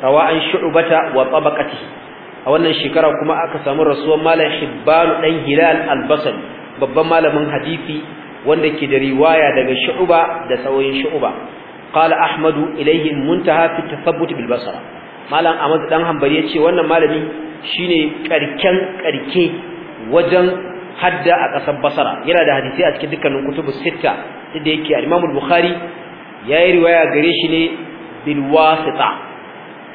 rawa an shu'bata wa tabaqati a wannan shekara kuma aka samu rasuwar malam hibban dan hilal al-basri babban malamin hadisi wanda ke da riwaya daga shu'ba da sauyin shu'ba qala ahmadu ilayhi muntaha fi tathabbut bil basra malam ahmad dan hanbali yace wannan malami shine karken karke wajen hadda a ƙasar basara yana da hadisi a cikin dukkanin kutubu sita da yake al-imam al-bukhari Ya yi riwaya gare shi ne bil wasita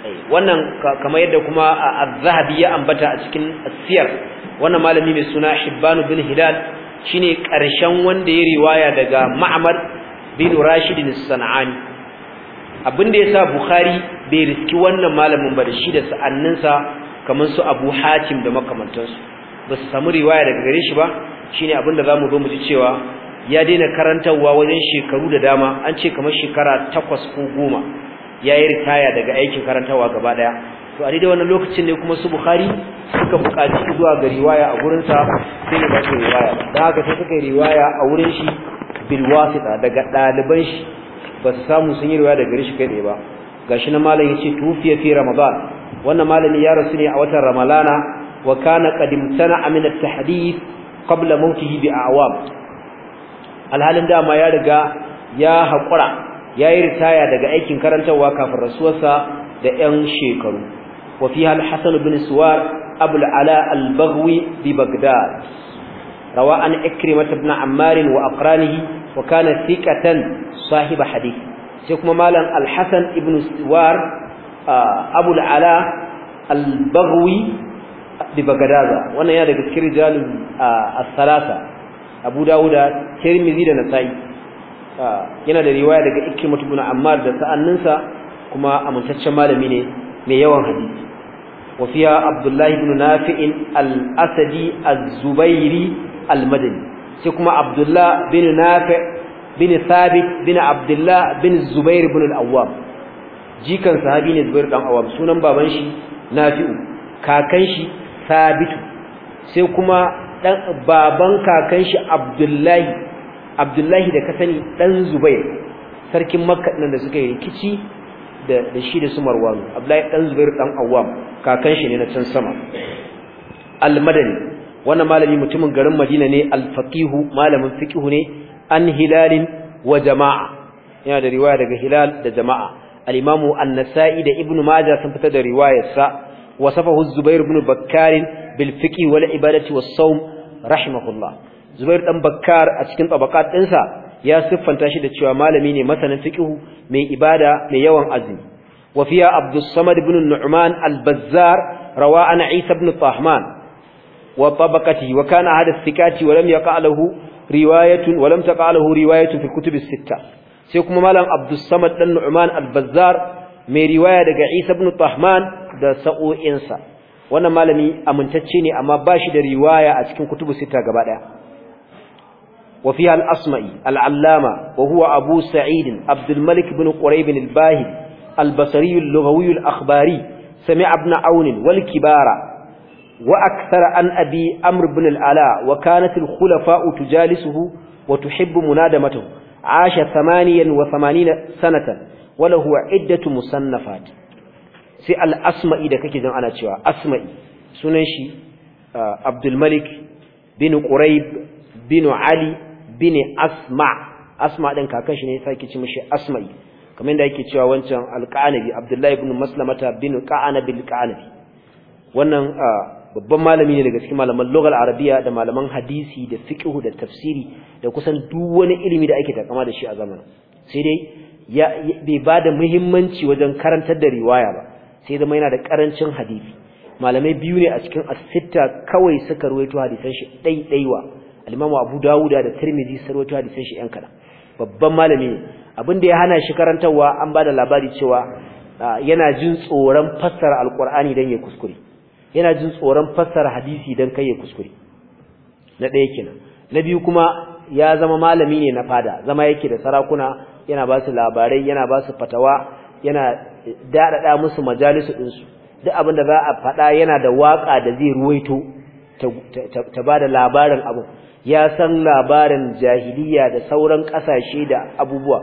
eh, wannan kamar yadda kuma az-zahabi ya ambata a cikin siyar wannan malami mai suna hibban bin hilal shine karshen wanda ya riwaya daga ma'mar bin rashid as-sanani abinda yasa bukhari bai riski wannan malamin ba da shi da sa'anninsa kamar su abu hatim da makamantansu ba su samu riwaya daga gare shi ba shine abinda zamu zo mu ji cewa ya daina karantarwa wajen shekaru da dama an ce kamar shekara takwas ko goma ya yi ritaya daga aikin karantarwa gaba ɗaya to a daidai wannan lokacin ne kuma su bukhari suka buƙaci zuwa ga riwaya a gurinsa sai ne ba riwaya da haka sai suka yi riwaya a wurin shi bilwasita daga ɗaliban shi ba su samu sun yi riwaya daga gari shi kai tsaye ba gashi na malam ya ce tufiya fi ramadan wannan malami ya rasu ne a watan ramalana wa kana qad imtana min at-tahdith qabla mawtihi bi a'wam alhalin dama ya riga ya haƙura ya yi ritaya daga aikin karantarwa kafin rasuwarsa da 'yan shekaru wa fi hal hasan bin suwar abul ala al bi bagdad rawa an ikrimah ibn ammar wa aqranihi wa kana thiqatan sahiba hadith sai kuma malam al ibn suwar abul ala al bi bagdad wannan ya daga cikin rijalul as-salasa abu dawuda tirmidhi da nasa'i ah, yana da riwaya daga ikrimatu ibn ammar da sa'anninsa kuma amintaccen malami ne mai yawan hadisi wa fiya abdullahi ibn nafi'in al-asadi az-zubairi al-madani sai kuma abdullah bin nafi' bin thabit bin abdullah bin zubair ibn al-awwam jikan sahabi ne zubair dan awwam sunan baban shi nafi'u kakan shi thabitu sai kuma dan baban kakan shi Abdullahi Abdullahi da ka sani dan Zubair sarkin Makka din da suka yi rikici da da shi da su Marwan Abdullahi dan Zubair dan Awwam kakan shi ne na can sama Al-Madani wannan malami mutumin garin Madina ne al-faqihu malamin fiqhu ne an hilalin wa jama'a yana da riwaya daga hilal da jama'a al Imam an-nasa'i da Ibn majah sun fitar da riwayar sa wasafahu Zubair ibn Bakkar bil fiqh wal ibadati was sawm rahimahullah Zubair ɗan Bakkar a cikin tabaqat ɗinsa ya siffanta shi da cewa malami ne masanin fiqh mai ibada mai yawan azumi wa fiya Abdus Samad al-Bazzar rawa an Isa ibn Tahman wa tabaqati wa kana hada thiqati wa lam yaqa lahu riwayatun fi kutub as sai kuma malam Abdulsamad Samad dan Nu'man al-Bazzar mai riwaya daga Isa ibn Tahman da sa'o'insa wannan malami amintacce ne amma bashi da riwaya a cikin kutubu sita gaba ɗaya wa fiha al-asma'i al-allama wa huwa abu sa'id abdul malik ibn qurayb al-bahili al-basri al-lughawi al-akhbari sami'a ibn aun wal-kibara وأكثر عن أبي أمر بن العلاء وكانت الخلفاء تجالسه وتحب منادمته عاش asha وثمانين sanatan. wala huwa iddatu musannafat sai al-asma'i da kake jin ana cewa asma'i sunan shi uh, Abdul Malik bin Quraib bin Ali bin Asma Asma din kakan shi ne sai kici mishi asma'i kamar da yake cewa wancan al-Qanabi Abdullahi ibn Maslamata bin Qanabi al-Qanabi wannan uh, babban malami ne daga cikin malaman lugal arabiya da malaman hadisi da fiqh da tafsiri da kusan duk wani ilimi da ake takama da shi a zamanin sai dai ya ba da muhimmanci wajen karantar da riwaya ba sai zama yana da karancin hadisi malamai biyu ne a cikin as kawai suka ruwaito hadisan shi ɗaiɗaiwa alimamu Abu Dawuda da Tirmidhi su ruwaito hadisan shi yan kada babban malami ne da ya hana shi karantarwa an ba da labari cewa yana jin tsoron fassara alkur'ani dan ya kuskure yana jin tsoron fassara hadisi dan kai ya kuskure na ɗaya kenan na biyu kuma ya zama malami ne na fada zama yake da sarakuna yana ba su labarai yana ba su fatawa yana dadada musu majalisu din su duk abin da za a faɗa yana da waka da zai ruwaito ta ba da labarin abu ya san labarin jahiliya da sauran ƙasashe da abubuwa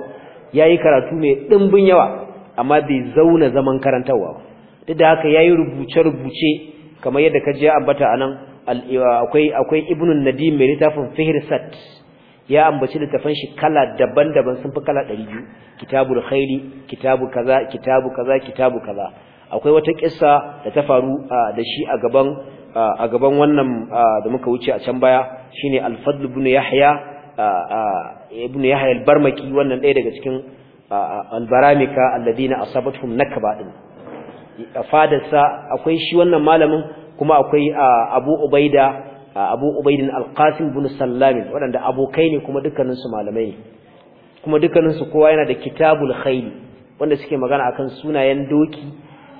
yayi karatu mai dimbin yawa amma bai zauna zaman karantawa ba duk da haka yayi rubuce rubuce kamar yadda ka ji ambata anan akwai akwai ibnu nadim mai littafin fihrisat ya ambaci littafan shi kala daban-daban sun fi kala 200 kitabul khairi kitabu kaza kitabu kaza kitabu kaza akwai wata kissa da ta faru da shi a gaban a gaban wannan da muka wuce a can baya shine al-fadl ibn yahya ibn yahya al-barmaki wannan ɗaya daga cikin al-baramika alladina asabatuhum nakba din fadarsa akwai shi wannan malamin kuma akwai abu ubaida abu ubaidin Al-Qasim bin Sallam waɗanda abokai ne kuma dukkaninsu malamai ne kuma dukkaninsu kowa yana da kitabul Khayr wanda suke magana akan sunayen doki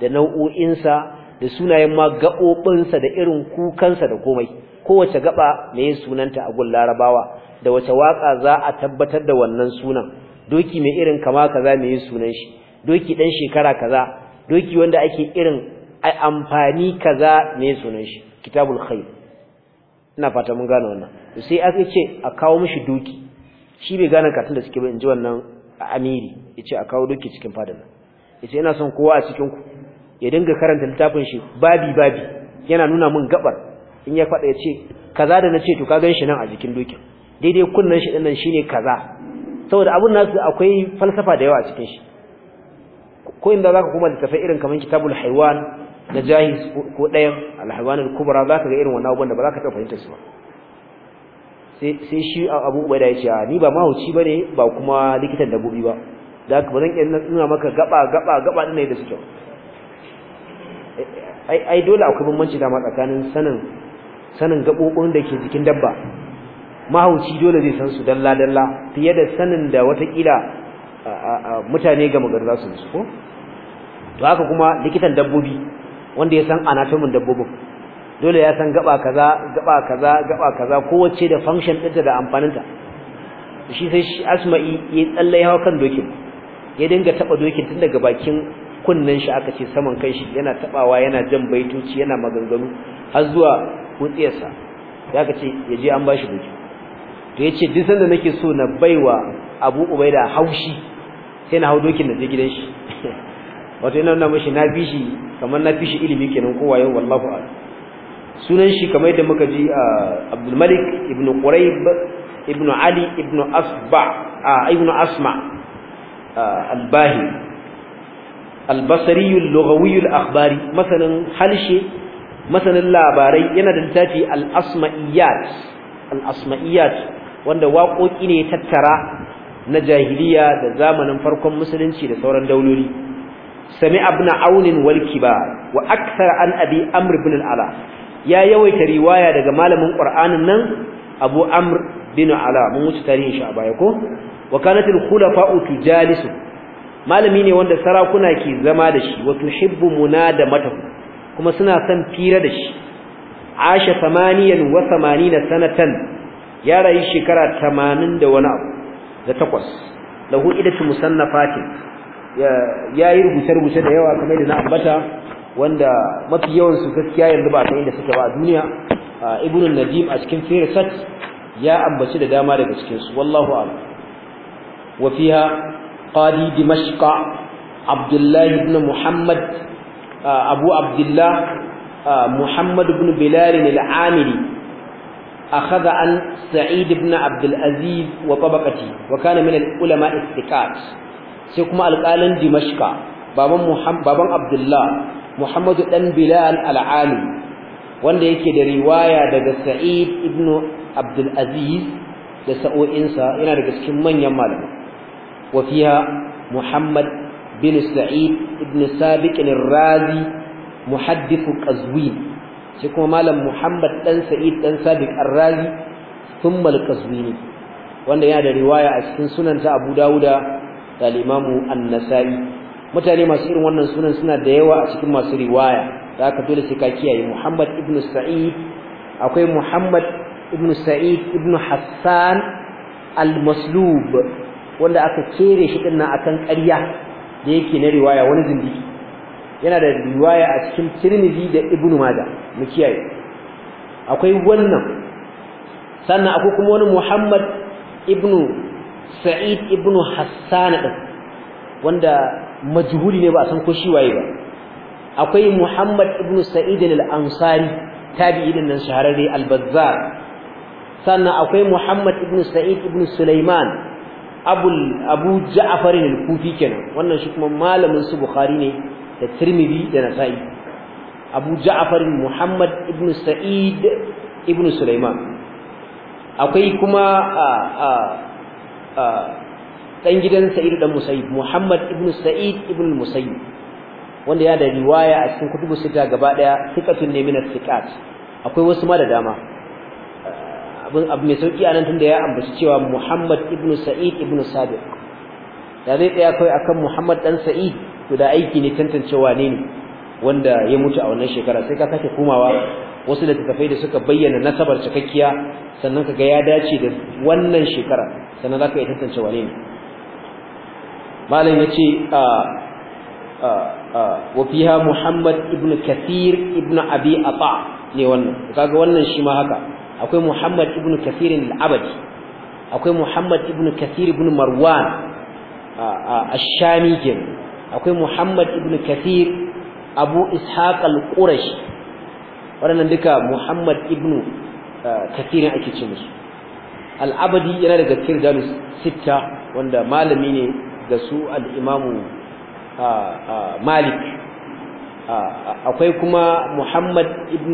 da nau'o'insa da sunayen ma sa da irin kukansa da komai kowace gaba me sunanta a gun larabawa da wace waka za a tabbatar da wannan sunan doki mai irin kama kaza me sunan shi doki dan shekara kaza doki wanda ake irin amfani kaza me sunan shi kitabul Khayr ina fata mun gane wannan to sai aka ce a kawo mishi doki shi bai gane katun da suke ba in ji wannan amiri yace a kawo doki cikin fadar nan yace ina son kowa a cikin ku ya dinga karanta littafin shi babi babi yana nuna mun gabar in ya fada yace kaza da nace to ka gan shi nan a jikin dokin daidai kunnan shi dinnan shine kaza saboda abun nasu akwai falsafa da yawa a cikin shi ko inda zaka kuma littafai irin kaman kitabul haywan na jahis ko ɗayan alhawanin kubra za ka ga irin wannan abubuwan da ba za ka taɓa fahimtar su ba sai shi abu ubaida ya ce a ni ba mahauci ba ne ba kuma likitan dabbobi ba za ka ba zan iya nuna maka gaba gaba gaba ɗin da kyau ai dole akwai bambanci dama tsakanin sanin sanin gaɓoɓin da ke jikin dabba mahauci dole zai san su dalla dalla fiye da sanin da watakila mutane gama gari za su ko to haka kuma likitan dabbobi wanda ya san anatomin dabbobin dole ya san gaba kaza gaba kaza gaba kaza kowace da function ɗinta da amfaninta shi sai shi asma'i ya tsalle hawa kan dokin ya dinga taba dokin tun daga bakin kunnen shi aka ce saman kai shi yana tabawa yana jan baitoci yana maganganu har zuwa wutsiyarsa ya ka ce ya je an bashi doki to ya ce duk sanda nake so na baiwa abu ubaida haushi sai na hau dokin na je gidan shi wato yana nuna na bi shi kamar na fi shi ilimi kenan kowa yau wallahu sunan shi kamar yadda muka ji ah, Abdul Malik ibn Qurayb ibn Ali ibn Asba ah, ibn Asma ah, al-Bahi al-Basri al akhbari masalan halshe masanin labarai yana da littafi al-Asma'iyat al-Asma'iyat wanda waƙoƙi ne tattara na jahiliya da zamanin farkon musulunci da sauran dauloli sami abna aunin walki ba wa aksar an abi amr bin al'ala ya yawaita riwaya daga malamin qur'anin nan abu amr bin al'ala mun wuce tarihin shi a baya ko wa kanat al khulafa'u jalisu. malami ne wanda sarakuna ke zama da shi wa tuhibbu da mata kuma suna son fira da shi asha 88 sanatan ya rayu shekara 80 da wani abu da takwas lahu idatu musannafatin ya yi rubuce-rubuce da yawa kamar da na ambata wanda mafi yawan su gaskiya yanzu ba san da suke ba a duniya ibn najim a cikin firsat ya ambaci da dama daga cikin su wallahu a'lam wa fiha qadi dimashq abdullahi ibn muhammad abu abdullah muhammad ibn bilal al-amili أخذ عن سعيد بن عبد العزيز وطبقته وكان من العلماء الثقات sai kuma alƙalin dimashka baban baban abdullah muhammadu dan bilal al'ali wanda yake da riwaya daga sa'id ibn abdul aziz da sa'o'insa yana daga cikin manyan malamai wa fiha muhammad bin sa'id ibn sabiq al-razi muhaddith qazwin sai kuma malam muhammad dan sa'id dan sabiq al-razi thumma al-qazwini wanda yana da riwaya a cikin sunanta abu Dawuda. da al mutane masu irin wannan sunan suna da yawa a cikin masu riwaya da aka dole sai ka kiyaye Muhammad ibn Sa'id akwai Muhammad ibn Sa'id ibn Hassan al-Maslub wanda aka kere shi dinnan akan ƙarya da yake na riwaya wani zindi yana da riwaya a cikin Tirmidhi da Ibn Majah mu kiyaye akwai wannan sannan akwai kuma wani Muhammad ibnu. sa'id ibn hassan din wanda majhuli ne ba a san ko shi waye ba akwai muhammad ibn sa'id al-ansari tabi'i din nan shahararre al-bazzar sannan akwai muhammad ibn sa'id ibn sulaiman abul abu ja'far al-kufi kenan wannan shi kuma malamin su bukhari ne da tirmidhi da nasa'i abu ja'far muhammad ibn sa'id ibn sulaiman akwai kuma ah, ah, dan gidan Sa'id dan Musayyib Muhammad ibn Sa'id ibn Musayyib wanda ya da riwaya a cikin kutubu sita gaba daya thiqatun ne min thiqat akwai wasu ma da dama abin abu mai sauki anan tunda ya ambaci cewa Muhammad ibn Sa'id ibn Sabiq da zai tsaya kai akan Muhammad dan Sa'id to da aiki ne tantancewa ne wanda ya mutu a wannan shekara sai ka kake komawa wasu littattafai da suka bayyana nasabar cikakkiya sannan kaga ya dace da wannan shekara sannan zaka iya tantance wane ne malam yace a a a wa fiha muhammad Ibn kathir Ibn abi ata ne wannan kaga wannan shi ma haka akwai muhammad Ibn kathir al-abadi akwai muhammad Ibn kathir ibnu marwan ash-shami akwai muhammad Ibn kathir abu ishaq al-qurashi waɗannan duka Muhammad ibn eh, Kathir ake ce musu al-Abadi yana daga cikin jalus sitta wanda malami ne ga su al eh, eh, Malik akwai kuma Muhammad ibn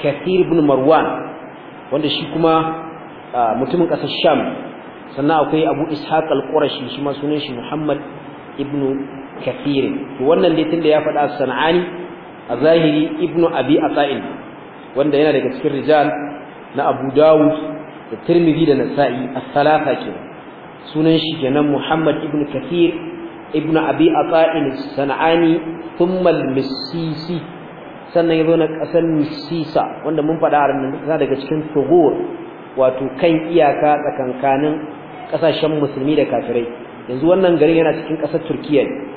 Kathir ibn Marwan wanda shi kuma mutumin ƙasar Sham sannan akwai Abu Ishaq al-Qurashi shi ma sunan shi Muhammad ibn Kathir to wannan dai tunda ya faɗa Sana'ani a zahiri ibnu abi asa'il wanda yana daga cikin rijal na abu dawud da tirmidhi da nasa'i as-salasa ke, sunan shi kenan muhammad ibnu kathir ibnu abi asa'il sana'ani thumma al-missisi sannan yazo na kasan misisa, wanda mun faɗa a nan daga cikin togor wato kan iyaka tsakankanin kasashen musulmi da kafirai yanzu wannan garin yana cikin ƙasar turkiya ne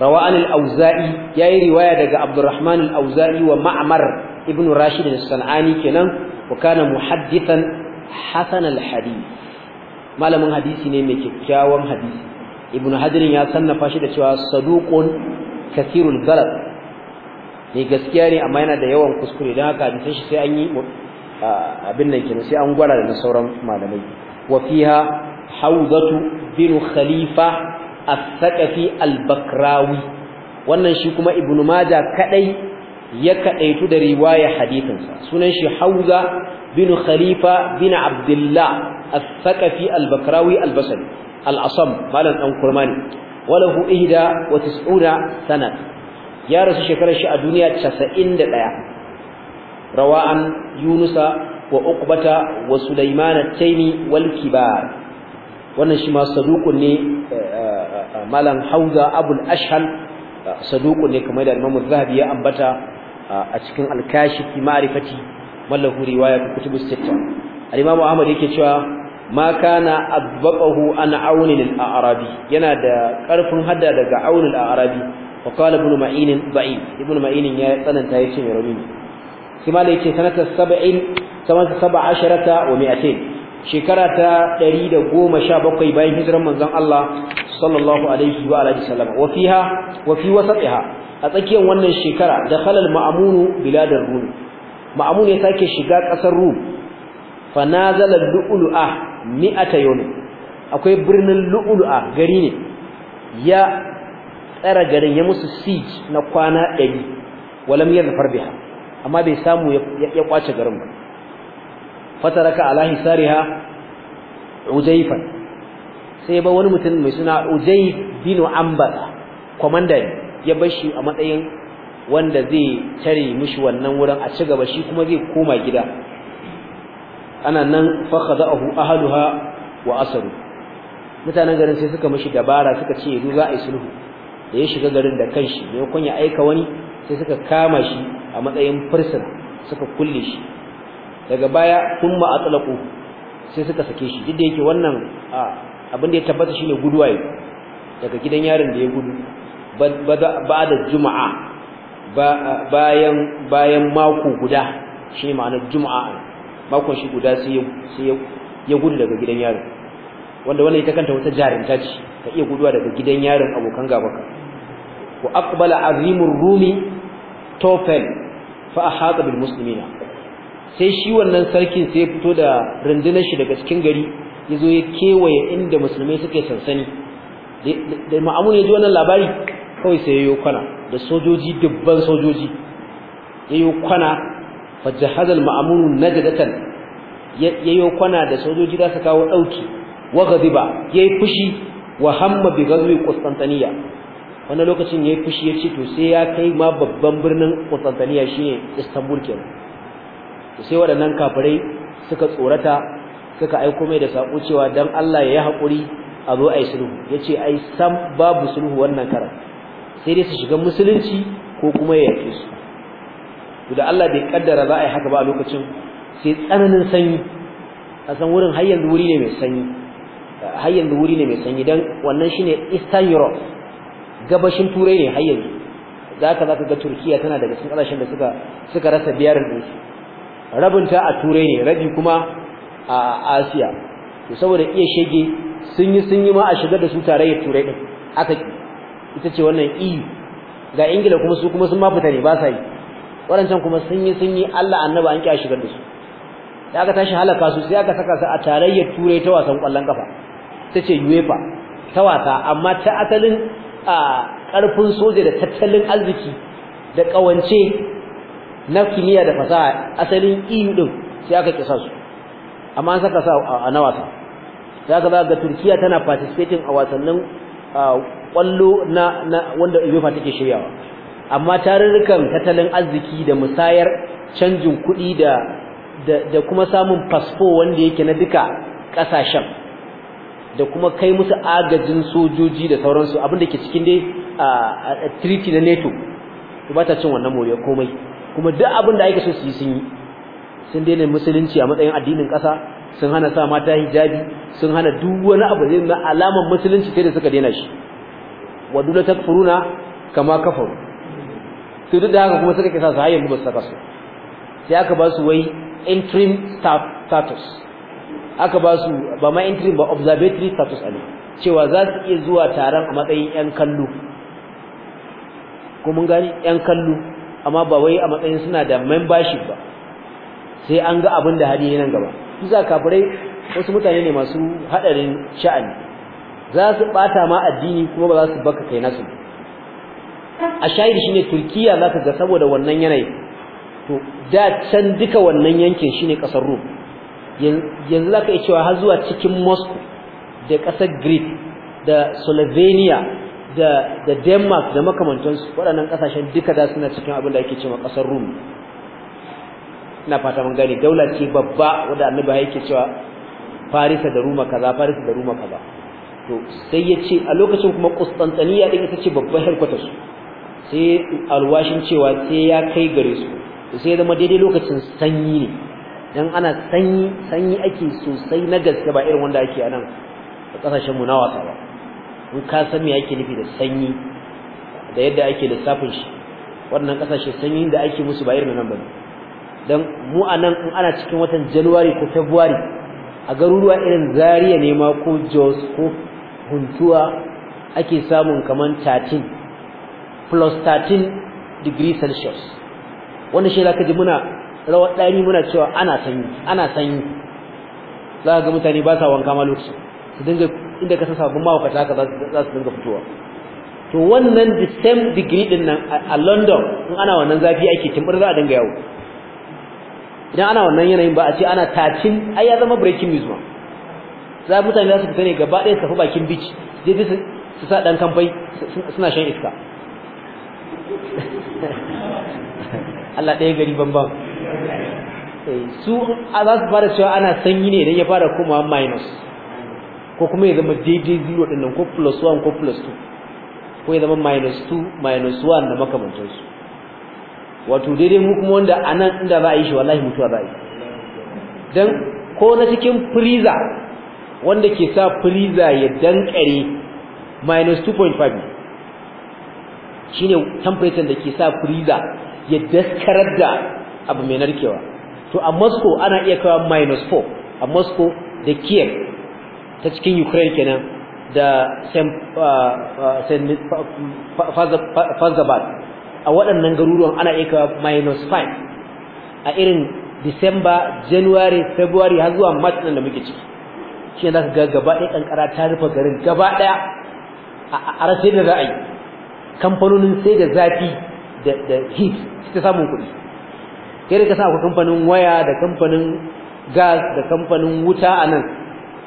rawa an al-auza'i yayi riwaya daga abdurrahman al-auza'i wa ma'mar ibn rashid al-sanani kenan wa kana muhaddithan hasan al-hadith malamin hadisi ne mai kyakkyawan hadisi ibn hadirin ya sannafa shi da cewa saduqun kathirul ghalat ne gaskiya ne amma yana da yawan kuskure don haka hadisin shi sai an yi abin nan kenan sai an gwara da sauran malamai wa fiha hawzatu bin khalifa as-saqafi al-bakrawi wannan shi kuma ibnu majah kadai ya kadaitu da riwaya hadisin sa sunan shi hauza bin khalifa bin abdullah as-saqafi al-bakrawi al-basri al-asam malan dan kurmani walahu ihda wa tis'una sana ya rasu shekarar shi a duniya 91 rawa'an yunusa wa uqbata wa sulaymana at-taymi wal kibar wannan shi ma saduqun ne eh, malam hauza abul ashhal saduku ne kamar da imamu zahabi ya ambata a cikin alkashi ma'rifati mallahu riwayat kutubus sitta al-imamu ahmad yake cewa ma kana adbaqahu an aun arabi yana da karfin hadda daga aun al-arabi wa qala ibn ma'in da'if ibn ma'in ya tsananta yace mai rabi kuma da yake sanata 70 sanata 17 wa 200 shekara ta 117 bayan hijiran manzon Allah sallallahu alaihi wa alihi wasallam wa fiha wa fi wasatiha a tsakiyar wannan shekara dakhala al-ma'mun biladar rum ma'mun ya sake shiga kasar rum fa nazala al-lu'lu'a mi'ata yawm akwai birnin lu'lu'a gari ne ya tsara garin ya musu siege na kwana 100 walam yadfar biha amma bai samu ya kwace garin ba fataraka ala hisariha ujaifan sai ba wani mutum mai suna ujay bin ambar komanda ya bashi a matsayin wanda zai tare mishi wannan wurin a ci gaba shi kuma zai koma gida ana nan fa khadahu ahluha wa asru mutanen garin sai suka mishi dabara suka ce yanzu za a yi sulhu da ya shiga garin da kanshi kun ya aika wani sai suka kama shi a matsayin fursuna suka kulle shi daga baya thumma atlaqu sai suka sake shi duk da yake wannan abin da ya tabbata shine guduwa daga gidan yarin da ya gudu ba'da juma'a bayan bayan mako guda shine ma'anar juma'a makon shi guda sai ya gudu daga gidan yarin wanda wannan ita kanta wata jarinta ce ka iya guduwa daga gidan yarin abokan gabaka wa aqbala azimur rumi tofel fa ahata bil muslimina sai shi wannan sarkin sai ya fito da rundunar shi daga cikin gari ya zo ya kewaye inda musulmai suke sansani da ma'amun ya ji wannan labari kawai sai ya yi kwana da sojoji dubban sojoji ya yi kwana fajahazal ma'amun na jadatan ya yi kwana da sojoji za su kawo ɗauki wa gaziba ya yi fushi wa hamma bi gazwi wannan lokacin ya yi fushi ya ce to sai ya kai ma babban birnin shi shine Istanbul kenan to sai waɗannan kafirai suka tsorata suka aiko mai da sako cewa dan Allah ya yi hakuri a zo ai sulhu yace ai sam babu sulhu wannan karan sai dai su shiga musulunci ko kuma ya yake su to da Allah bai kaddara za a yi haka ba a lokacin sai tsananin sanyi a san wurin har yanzu wuri ne mai sanyi har yanzu wuri ne mai sanyi dan wannan shine Eastern Europe gabashin turai ne har yanzu zaka zaka ga Turkiya tana daga cikin kasashen da suka suka rasa biyarin dinsu rabinta a turai ne rabi kuma a asiya to saboda iya shege sun yi sun yi ma a shigar da su tarayya turai din aka ita ce wannan EU ga ingila kuma su kuma sun ma fita ne ba sa yi waɗancan kuma sun yi sun yi Allah annaba an ki a shigar da su da aka tashi halaka su sai aka saka su a tarayya turai ta wasan kwallon kafa ta ce UEFA ta wasa amma ta asalin a ƙarfin soja da tattalin arziki da ƙawance na kimiyya da fasaha asalin EU din sai aka kisa su amma an saka sa a na wasa za ka ga Turkiya tana participating a wasannin kwallo na wanda UEFA take shiryawa amma tarurrukan tattalin arziki da musayar canjin kuɗi da da kuma samun fasfo wanda yake na duka ƙasashen da kuma kai musu agajin sojoji da sauransu abinda ke cikin dai a treaty na NATO ba ta cin wannan moriya komai kuma duk abin da ake so su yi sun yi sun daina musulunci a matsayin addinin ƙasa sun hana sa mata hijabi sun hana duk wani abu da na alamar musulunci sai da suka daina shi wa dula takfuruna kama kafaru to duk da haka kuma suka kisa su har ba su saka su sai aka ba su wai interim status aka ba su ba ma interim ba observatory status ne cewa za su iya zuwa taron a matsayin 'yan kallo ko mun gani 'yan kallo amma ba wai a matsayin suna da membership ba sai an ga abin da hadi nan gaba kisa kafirai wasu mutane ne masu hadarin sha'ani za su bata ma addini kuma ba za su baka kai nasu a shahidi shine Turkiya za ka ga saboda wannan yanayi to da can duka wannan yankin shine kasar Rum yanzu za ka iya cewa har zuwa cikin Moscow da kasar Greece da Slovenia da da Denmark da makamantansu waɗannan ƙasashen duka da suna cikin abin da ake cewa ƙasar Rum ina fata mun gane daula ce babba wanda annabi yake cewa Farisa da Ruma kaza Farisa da Ruma kaza to sai ya ce a lokacin kuma Constantinople din ita ce babban headquarters sai alwashin cewa sai ya kai gare su sai zama daidai lokacin sanyi ne dan ana sanyi sanyi ake sosai na gaske ba irin wanda ake a nan a mu na wasa ba in ka san me ake nufi da sanyi da yadda ake lissafin shi wannan kasashe sanyi da ake musu bayar irin nan bane dan mu anan in ana cikin watan January ko February a garuruwa irin Zaria ne ma ko Jos ko Huntuwa ake samun kaman 13 plus 13 degree Celsius wannan shi zaka ji muna rawar dani muna cewa ana sanyi ana sanyi zaka ga mutane ba sa wanka ma lokaci su dinga inda ka san sabon mahaukata haka za su dinga fitowa to wannan the same degree din nan a London in ana wannan zafi ake timbir za a dinga yawo idan ana wannan yanayin ba a ce ana tacin ai ya zama breaking news ma za mutane za su fita ne gaba ɗaya su tafi bakin beach je su sa ɗan kamfai suna shan iska Allah ɗaya gari bambam eh, su za su fara cewa ana sanyi ne idan ya fara komawa minus ko kuma ya zama daidai zero din nan ko plus 1 ko plus 2 ko ya zama minus 2 minus 1 da makamantansu wato daidai mu kuma wanda a nan inda za a yi shi wallahi mutuwa za a yi don ko na cikin freezer wanda ke sa freezer ya dankare minus 2.5 shi ne temperature da ke sa freezer ya daskarar da abu mai narkewa to a moscow ana iya kawo minus 4 a moscow da kiev ta cikin Ukraine kenan da uh, uh, Fazabat a waɗannan garuruwan ana iya minus 5 a irin December, January, February har zuwa March nan da muke ciki shi ne ga gaba ɗaya ƙanƙara ta rufe garin gaba ɗaya a rasai da za a yi kamfanonin sai da zafi da heat ta samun kuɗi kai da ka sa akwai kamfanin waya da kamfanin gas da kamfanin wuta a nan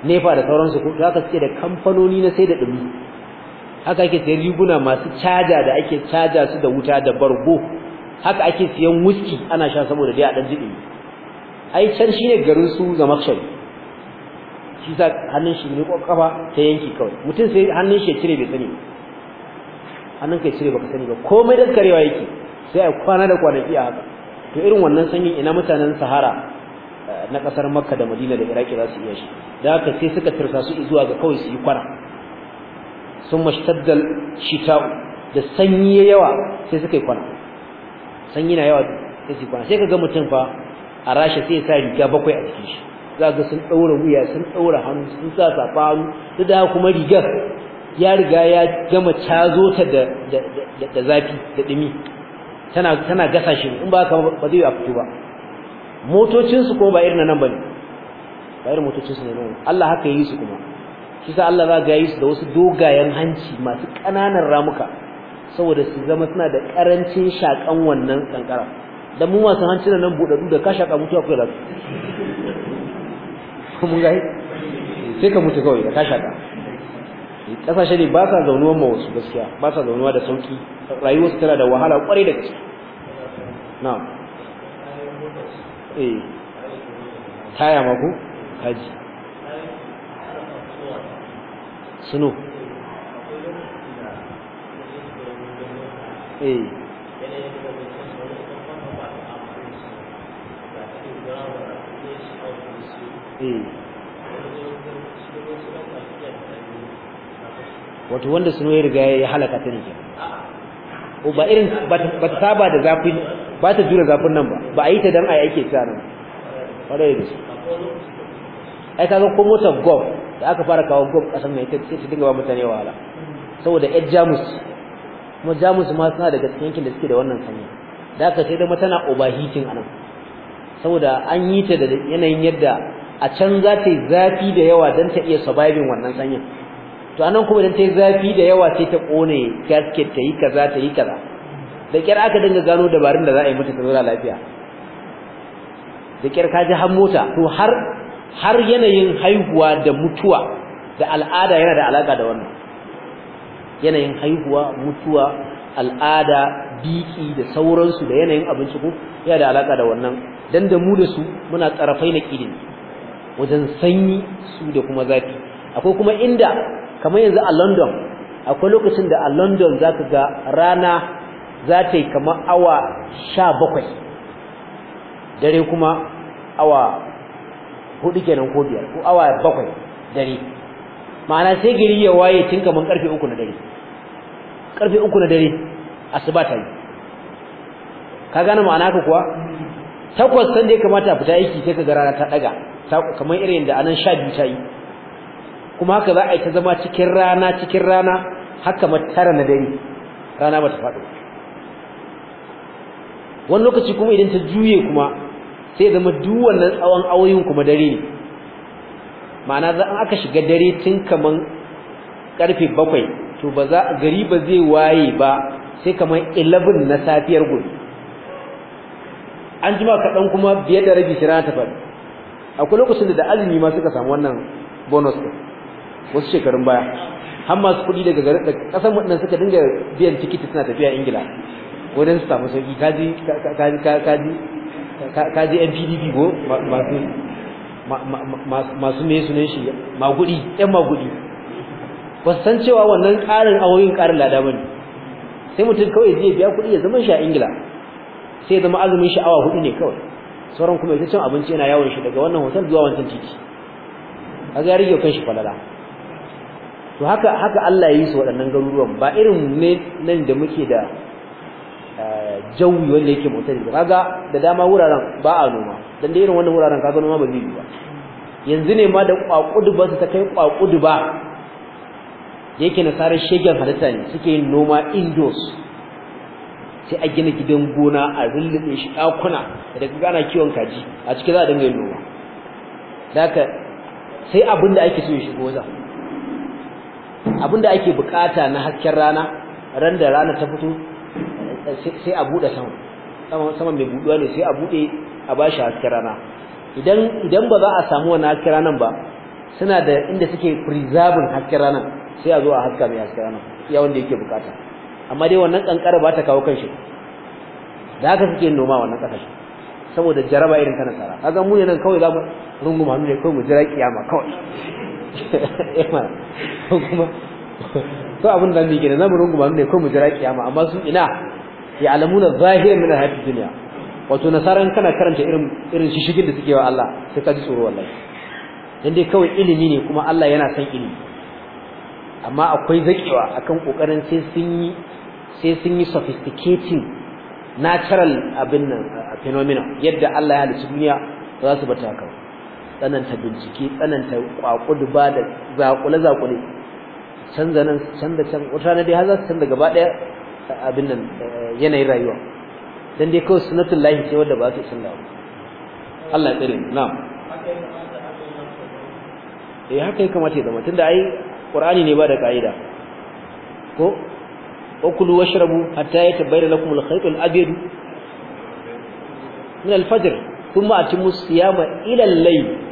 nefa da sauransu ko haka suke da kamfanoni na sai da dumi haka ake sayar riguna masu caja da ake caja su da wuta da bargo haka ake siyan whisky ana sha saboda dai a dan jidi ai can shine garin su makshari shi za hannun shi ne kafa ta yanki kawai mutum sai hannun shi ya cire bai sani hannun kai cire baka sani ba komai dan karewa yake sai a kwana da kwanaki a haka to irin wannan sanyin ina mutanen sahara na kasar makka da madina da iraki za su iya shi da haka sai suka tursa su zuwa ga kawai su yi kwana sun mashtaddal shita'u da sanyi ya yawa sai suka yi kwana sanyi na yawa sai su yi kwana sai ka ga mutum fa a rasha sai ya sa riga bakwai a jikin shi za ga sun ɗaura wuya sun ɗaura hannu sun sa safa hannu duk da kuma rigar ya riga ya gama cazo ta da zafi da ɗumi tana gasa shi in ba ka ba zai fito ba motocinsu ko ba irin nan ba ne, ba irin motocinsu ne nan Allah haka yi su kuma shi sa Allah za ga yi su da wasu dogayen hanci masu ƙananan ramuka saboda su zama suna da ƙarancin shakan wannan kankara da mu masu hanci nan buɗaɗu da ka shaka mutuwa kai su? mun ga sai ka mutu kawai da ka shaka kasashe ne ba sa zaunuwa ma wasu gaskiya ba sa zaunuwa da sauki rayuwarsu tana da wahala kwarai da gaske na'am Eh. taya mako haji suno eh. eh. wato wanda suno ya riga ya halaka ta ne ba irin ba ta saba da zafin ba ta jure zafin nan ba ba a yi ta dan a yi ake ta nan kwarai da su ai ka ko motar golf da aka fara kawo golf kasan mai sai ta dinga ba mutane wahala saboda yar jamus kuma jamus ma suna daga cikin yankin da suke da wannan sanyi da aka sai dama tana overheating anan saboda an yi ta da yanayin yadda a can za ta yi zafi da yawa don ta iya surviving wannan sanyin to anan kuma idan ta zafi da yawa sai ta kone gasket tayi kaza tayi kaza da kyar aka dinga gano dabarun da za a yi mata ta lafiya da kyar ka ji har mota to har har yanayin haihuwa da mutuwa da al'ada yana da alaka da wannan yanayin haihuwa mutuwa al'ada biki da sauransu da yanayin abinci ko yana da alaka da wannan dan da mu da su muna tsarafai na kidin wajen sanyi su da kuma zafi akwai kuma inda kamar yanzu a London akwai lokacin da a London zaka ga rana za ta yi kamar awa 17 dare kuma awa hudu kenan ko biyar ko awa bakwai dare ma'ana sai gari ya waye tun kamar karfe uku na dare karfe uku na dare asuba ta yi ka gane ma'ana ka kuwa takwas san ya kamata a fita aiki sai ka ga rana ta daga kamar irin da anan sha biyu ta yi kuma haka za a yi ta zama cikin rana cikin rana haka matara na dare rana ba ta faɗo wani lokaci kuma idan ta juye kuma sai ya zama duk wannan tsawon awoyin kuma dare ne ma'ana za aka shiga dare tun kaman karfe bakwai to ba za gari ba zai waye ba sai kaman ilabin na safiyar gudu an jima kaɗan kuma biyar da rabi shi rana ta faɗi akwai lokacin da da azumi ma suka samu wannan bonus ɗin wasu shekarun baya har masu kuɗi daga garin da ƙasar mutum suka dinga biyan tikiti suna tafiya Ingila wajen su samu sauki kaji kaji kaji kaji yan PDP ko masu masu sunan shi magudi yan magudi ba san cewa wannan ƙarin awoyin ƙarin lada ne, sai mutum kawai zai biya kuɗi ya zama shi a Ingila sai ya zama azumin shi awa hudu ne kawai sauran kuma ita cin abinci yana yawon shi daga wannan hotel zuwa wancan titi ga ya rige kan shi falala to haka haka Allah ya yi su waɗannan garuruwan ba irin ne nan da muke da eh, jawi wanda yake motsa da kaga da dama wuraren ba a noma dan da irin wannan wuraren kaga noma ba zai yi ba yanzu ne ma da kwakudu ba su ta kai kwakudu ba yake na sarar shegen halitta ne suke yin noma indoors sai a gina gidan gona a rullube shi ɗakuna da kaga ana kiwon kaji a ciki za a dinga yin noma da haka sai abin da ake so ya shigo wajen abinda ake bukata na hasken rana ran da rana ta fito sai a bude sama sama mai buduwa ne sai a bude a bashi hasken rana idan idan ba za a samu wannan hasken ranan ba suna da inda suke preserving hasken ranan sai a zo a haska mai hasken ranan ya wanda yake bukata amma dai wannan kankara ba ta kawo kanshi da haka suke noma wannan kasashe saboda jaraba irin ta nasara kaga mu ne nan kawai za mu rungu hannu ne kawai mu jira kiyama kawai to abin da zamu ne ko mu jira kiyama amma su ina ya alamuna zahir min hayatid dunya wato nasaran kana karanta irin irin shishigin da suke wa Allah sai ka ji tsoro wallahi dan dai kawai ilimi ne kuma Allah yana san ilimi amma akwai zakewa akan kokarin sai sun yi sai sun yi sophisticating natural abin nan phenomenon yadda Allah ya halicci duniya za su bata kawai tsananta bincike tsananta ba da zakule zakule canza nan canza can wata na dai har za su canza gaba daya eh, abin nan eh, yanayin rayuwa dan dai kawai sunnatul lahi ce wanda ba su sunna Allah tsare na'am eh haka ya kamata ya zama tunda ai qur'ani ne ba da kaida ko okulu washrabu hatta yatabayyana lakum al-khayt al-abyad min al-fajr thumma atimmu siyama ila al-layl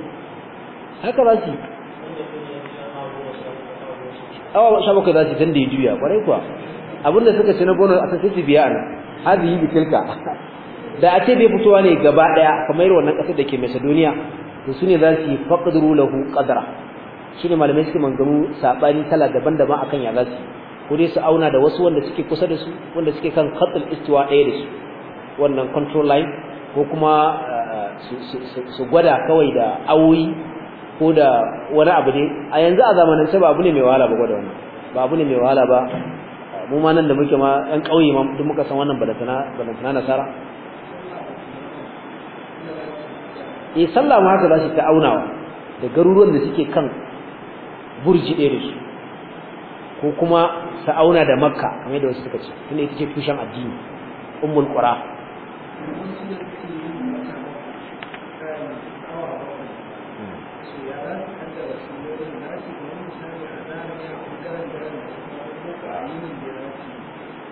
haka ba shi awa sha bakwai za su tun da ya juya kwarai kuwa abinda suka ci na gona a sassi biya ne hadi yi bitilka da a ce bai fitowa ne gaba daya kamar wannan kasar da ke macedonia to su ne za su yi lahu ƙadara shi malamai suke mangamu saɓani kala daban-daban akan ya za su ko dai su auna da wasu wanda suke kusa da su wanda suke kan katsul istiwa daya da su wannan control line ko kuma eh, su gwada kawai da awoyi ko da wani abu ne a yanzu a zamanance ba abu ne mai wahala ba gwada wani ba abu ne mai wahala ba mu ma nan da muke ma ɗan ƙauye ma duk muka san wannan balantana balantana nasara eh sallah ma haka za su ta aunawa da garuruwan da suke kan burji ɗaya da su ko kuma ta auna da makka kamar yadda wasu suka ce tunda ita ce tushen addini ummul qura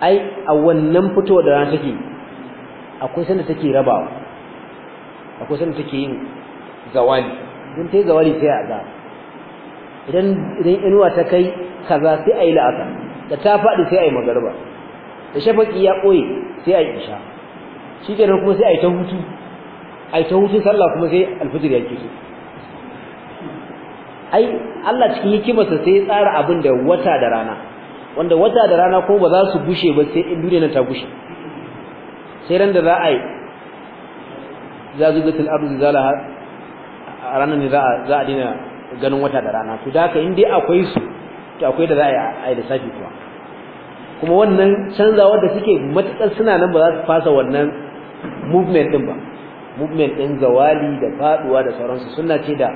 ai a wannan fitowa da rana take akwai sanda take rabawa akwai sanda take yin zawali idan ta yi zawali sai a za idan idan inuwa ta kai kaza sai a yi la'asa da ta faɗi sai a yi magarba da shafaƙi ya ɓoye sai a yi isha shi ke kuma sai a yi ta hutu a yi ta hutu sallah kuma sai alfijir ya keto ai Allah cikin hikimarsa sai ya tsara abin da wata da rana wanda wata da rana ko ba za su gushe ba sai in duniya ta gushe sai ran da za a yi zazugatul da zala a ranar ne za a za a dina ganin wata da rana to da haka in dai akwai su to akwai da za a yi da safi kuwa kuma wannan canza da suke matuƙar suna nan ba za su fasa wannan movement din ba movement din zawali da faduwa da sauransu suna ce da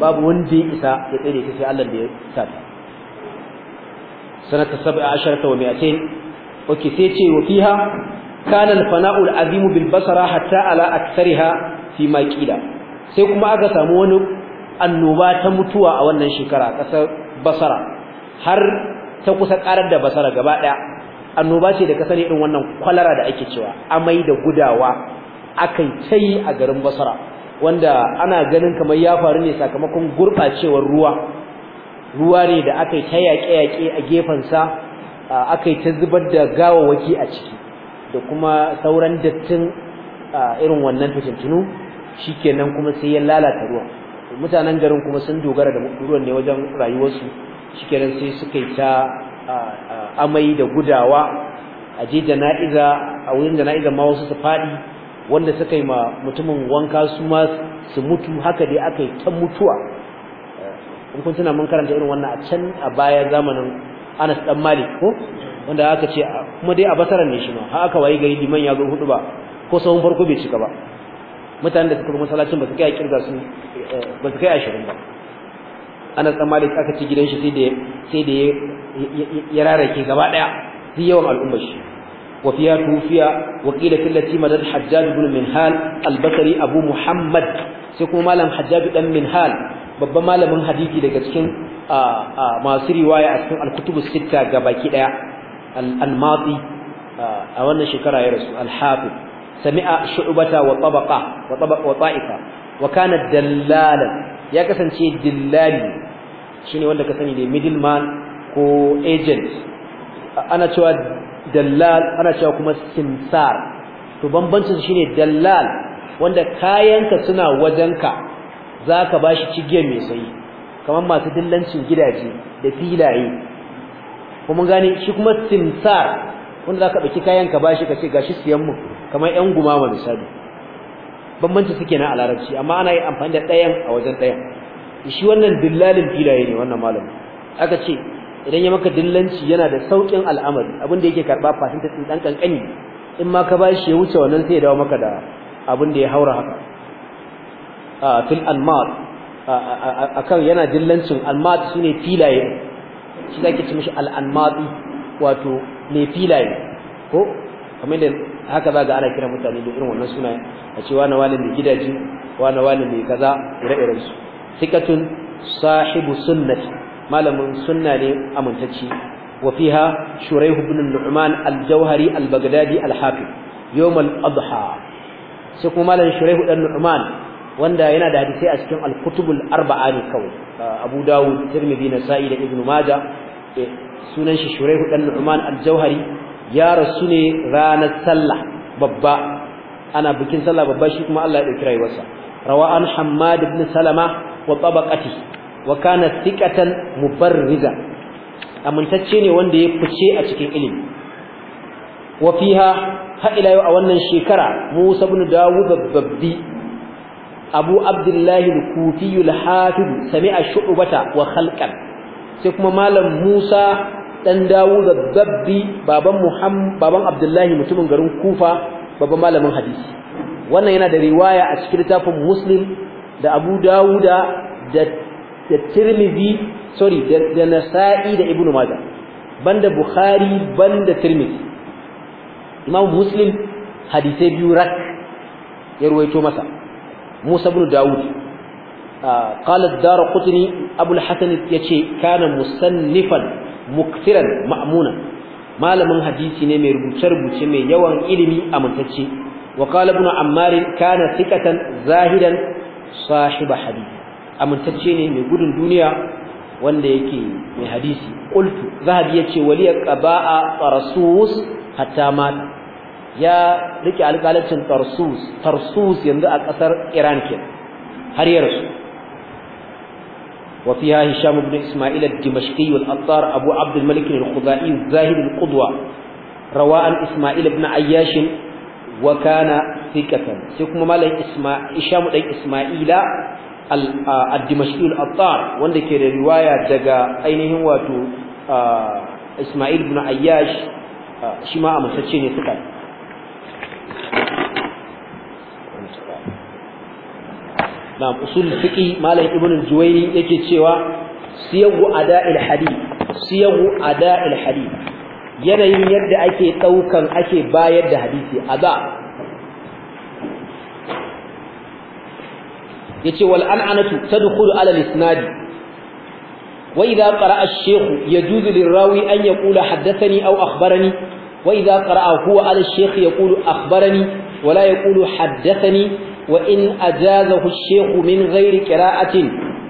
babu wanda ya isa ya tsere ta sai Allah da ya sa sanata 17 wa 200 okay sai ce wa fiha kana al-fana'u al-azim bil basara hatta ala aktsariha fi ma sai kuma aka samu wani annoba ta mutuwa a wannan shekara kasar basara har ta kusa karar da basara gaba daya annoba ce da kasar irin wannan kwalara da ake cewa amai da gudawa akai tai a garin basara wanda ana ganin kamar ya faru ne sakamakon gurbacewar ruwa ruwa ne da aka yi ta yaƙe-yaƙe a gefensa aka yi ta zubar da gawawaki a ciki da kuma sauran dattin irin wannan fitintunu shi kenan kuma sai ya lalata ruwan mutanen garin kuma sun dogara da ruwan ne wajen rayuwarsu shi kenan sai suka yi ta amai da gudawa a je jana'iza a wurin jana'iza ma wasu su faɗi wanda suka yi ma mutumin wanka su ma su mutu haka dai aka yi ta mutuwa in kun tuna mun karanta irin wannan a can a baya zamanin Anas dan Malik ko wanda aka ce kuma dai a basaran ne shi ma har aka wayi gari diman ya zo hudu ba ko sahun farko bai cika ba mutanen da suka bi masallacin ba su kai kirga su eh, ba su kai 20 ba Anas dan Malik aka ci gidan shi sai da sai da ya rarake gaba daya duk yawan al'ummar shi وفيها توفي madad hajjaj ibn minhal al-basri abu muhammad sai kuma malam hajjaj بن minhal babban malamin hadisi daga cikin masu riwaya a cikin alkutubu kutubus ga baki daya al-madi a wannan shekara ya rasu al hafi sami'a shu'bata wa tabaqa wa tabaqa wa ta'ifa wa kana dallalan ya kasance dillali shine wanda ka sani da middleman ko agent ana cewa dallal ana cewa kuma sinsar. to bambancin shine dallal wanda kayanka suna wajenka za ka ba shi cigiyar mai sayi kamar masu dillancin gidaje da filaye kuma gane shi kuma simsar wanda za ka ɗauki kayan ka ba shi ka ce ga siyan mu kamar yan gumama misali bambanci suke na a larabci amma ana yi amfani da ɗayan a wajen ɗayan shi wannan dillalin filaye ne wannan malamin aka ce idan ya maka dillanci yana da sauƙin al'amari abin da yake karɓa fasinta ta tsin dan kankani in ma ka ba shi ya wuce wannan sai ya dawo maka da abin da ya haura haka fil almad akan yana dillancin almad shine filaye shi zaki ci mishi al almadi wato ne filaye ko kamar da haka za ga ana kira mutane da irin wannan sunaye a ce wani wani mai gidaje wani wani mai kaza ire-iren su sikatun sahibu sunnati malamin sunna ne amintacci wa fiha shuraihu ibn nu'man al-jawhari al-baghdadi al hafi yawm al-adha sai kuma malamin shuraihu dan nu'man wanda yana da hadisai a cikin al-kutubul arba'a ne kawai ah, Abu Dawud Tirmidhi Nasa'i da Ibn Majah eh, sunan shi Shuraihu dan Nu'man al-Jauhari ya rasu ne ranar sallah babba ana bikin sallah babba shi kuma Allah ya dauki rayuwarsa rawa an Hammad ibn Salama wa tabaqati wa kana thiqatan mubarriza amintacce ne wanda ya fice a cikin ilimi wa fiha ha ila yau a wannan shekara Musa ibn Dawud babbi abu abdullahi al-kufi al-hafid sami'a shu'bata wa khalqan sai kuma malam musa dan dawud al-dabbi baban muhammad baban abdullahi mutumin garin kufa babban malamin hadisi wannan yana da riwaya a cikin littafin muslim da abu dawuda da da tirmidhi sorry da nasa'i da ibnu majah banda bukhari banda tirmidhi imam muslim hadisai biyu rak ya ruwaito masa Musa bin Dawud ah, qala ad-Darqutni Abu al-Hasan yace kana musannifan muktiran ma'munan malamin hadisi ne mai rubuce rubuce mai yawan ilimi amintacce wa qala ibn Ammar kana thiqatan zahidan sahib hadith amintacce ne mai gudun duniya wanda yake mai hadisi qultu zahabi yace waliya qaba'a rasus hatta mata ya rike alƙalancin tarsus tarsus yanzu a ƙasar iran ke har ya rasu وفيها هشام بن إسماعيل الدمشقي الأطار أبو عبد الملك الخضائي الزاهد القدوة رواء إسماعيل بن عياش وكان ثقة سيكم ما لي اسماء هشام لي إسماعيل آه، الدمشقي الأطار وانده كده رواية دقا أين هو آه، إسماعيل بن عياش آه، شما أمسكين ثقة Na'am, usul fiqi malam ibnu juwayni yake cewa siyagu ada'il hadith siyagu ada'il hadith yanayin yadda ake daukan ake bayar da hadisi ada yace wal an'anatu tadkhulu ala al-isnad wa idha qara'a ash-shaykh yajuzu lirawi an yaqula haddathani aw akhbarani وإذا قرأ هو على الشيخ يقول أخبرني ولا يقول حدثني وإن أجازه الشيخ من غير قراءة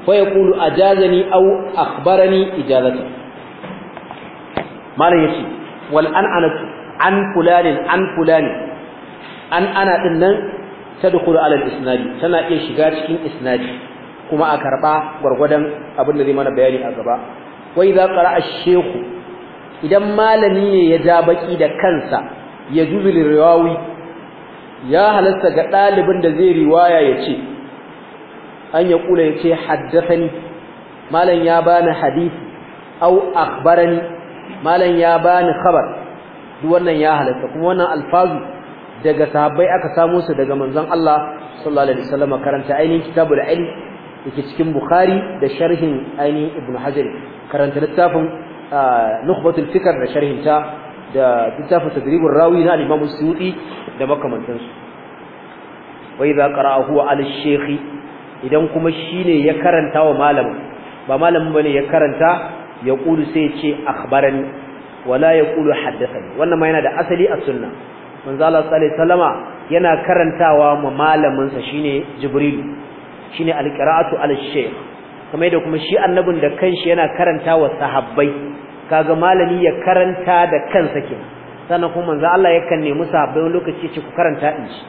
فيقول أجازني أو أخبرني إجازة ما لا والأنعنة عن فلان عن فلان an ana din nan tadkhulu ala al-isnadi tana iya shiga cikin isnadi kuma a karɓa gurgudan abin da zai mana bayani a gaba wai idan malami ne ya ja baki da kansa ya jubil riwawi ya halasta ga dalibin da zai riwaya yace an ya kula yace haddathani malam ya bani hadisi au akhbarani malam ya bani khabar duk wannan ya halasta kuma wannan alfazu daga sahabbai aka samu su daga manzon Allah sallallahu alaihi wasallam karanta ainihin kitabul ilm yake cikin bukhari da sharhin ainihin ibnu hajar karanta littafin nukhbatul fikr da sharhinta da littafin tadribur rawi na al-imam suyuti da makamantansu wa idza qara'ahu al-shaykh idan kuma shine ya karanta wa malamin ba malamin bane ya karanta ya kulu sai ya ce akhbarani wala ya kulu haddasa haddathani wannan ma yana da asali a sunna manzo Allah sallallahu yana karantawa ma malamin sa shine jibril shine al-qira'atu al-shaykh kamar da kuma shi annabin da kanshi yana karanta wa sahabbai kaga malami ya karanta da kansa ke sannan kuma manzo Allah yakan nemi sahabbai wani lokaci ce ku karanta din shi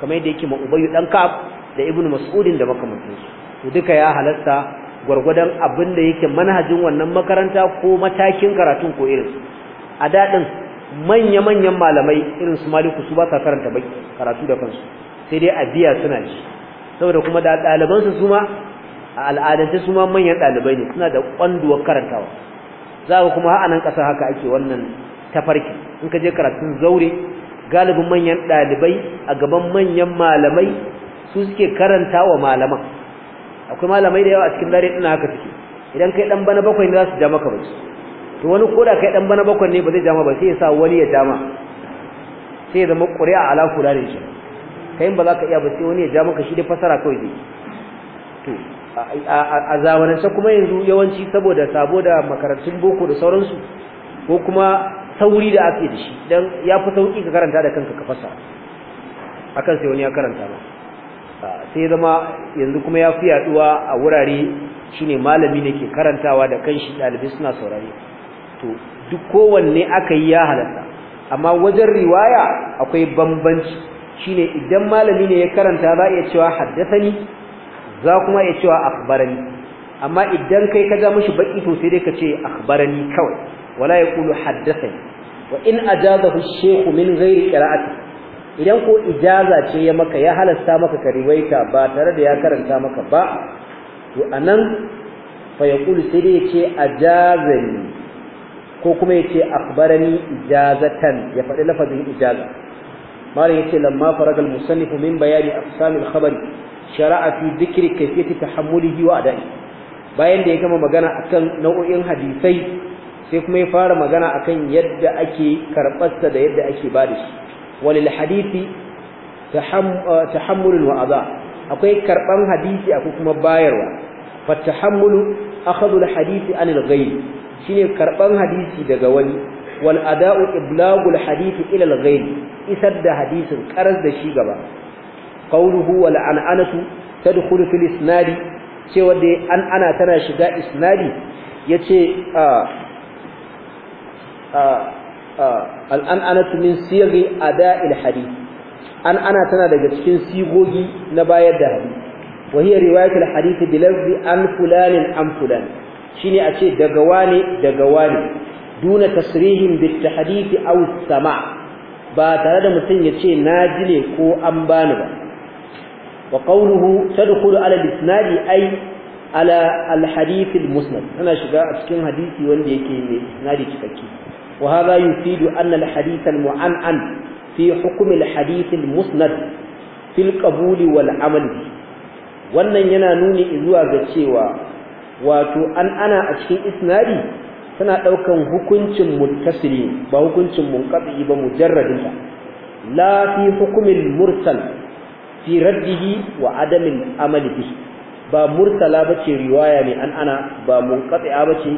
kamar da yake ma dan Ka'ab da Ibnu Mas'udin da makamantansu to duka ya halatta gwargwadon abin da yake manhajin wannan makaranta ko matakin karatun ko irin a dadin manya-manyan malamai irin su Maliku su ba karanta baki karatu da kansu sai dai a biya suna ji saboda kuma da ɗalibansu su ma a al'adance su ma manyan ɗalibai ne suna da ƙwanduwar karantawa za ku kuma a nan ƙasar haka ake wannan tafarki in ka je karatun zaure galibin manyan ɗalibai a gaban manyan malamai su suke karanta wa malaman akwai malamai da yawa a cikin dare ina haka suke idan kai dan bana bakwai ne za su ja maka ba to wani koda kai dan bana bakwai ne ba zai ja maka ba sai ya sa wani ya ja ma sai ya zama ƙuri'a ala kula da shi kai ba za ka iya ba sai wani ya ja maka shi da fasara kawai zai to a zamanance kuma yanzu yawanci saboda saboda makarantun boko da sauransu ko kuma sauri da ake da shi dan ya fi sauki ka karanta da kanka ka fasa a kan sai wani ya karanta ba sai zama yanzu kuma ya fi yaduwa a wurare shine malami ne ke karantawa da kan shi ɗalibai suna saurare to duk kowanne aka yi ya halatta amma wajen riwaya akwai bambanci shine idan malami ne ya karanta za a iya cewa ni za kuma ya cewa akhbarani amma idan kai ka ga mishi baki to sai dai ka ce akhbarani kawai wala yaqulu haddathani wa in ajazahu ash-shaykh min ghairi qira'ati idan ko ijaza ce ya maka ya halasta maka ka riwayata ba tare da ya karanta maka ba to anan fa yaqulu sai dai ya ce ajazani ko kuma ya yace akhbarani ijazatan ya faɗi lafazin ijaza mare yace lamma faragal musannifu min bayani afsamil khabari shari'a fi dhikri kayfiyati tahammulihi wa ada'i bayan da ya gama magana akan nau'o'in hadisai sai kuma ya fara magana akan yadda ake karbarsa da yadda ake bada shi walil hadisi eh, tahammulun wa adha akwai karban hadisi akwai kuma bayarwa fa tahammulu akhadhu al hadisi anil ghayb shine karban hadisi daga wani wal ada'u iblagul hadisi ila al ghayb isar da hadisin karas da shi gaba qawluhu wal an'anatu tadkhulu fil isnadi cewa da an tana shiga isnadi yace a a an'anatu min sirri ada'il hadith an'ana tana daga cikin sigogi na bayar da hadith wa hiya riwayatul hadith bi lafzi an fulan an fulan shine a ce daga wane daga wane duna tasrihin bit tahdith aw sama' ba tare da mutum ya ce na ji ne ko an bani ba وقوله تدخل على الإسناد أي على الحديث المسند أنا شجاع أتكلم حديثي وندي كي نادي تفكي وهذا يفيد أن الحديث المعنعن في حكم الحديث المسند في القبول والعمل به wannan yana nuni zuwa ga cewa wato an ana a cikin isnadi tana daukan hukuncin muttasili ba hukuncin munqati ba mujarradin la fi hukmil mursal fi raddihi wa adamin amali bihi ba mursala bace riwaya ne an ana ba munqati'a bace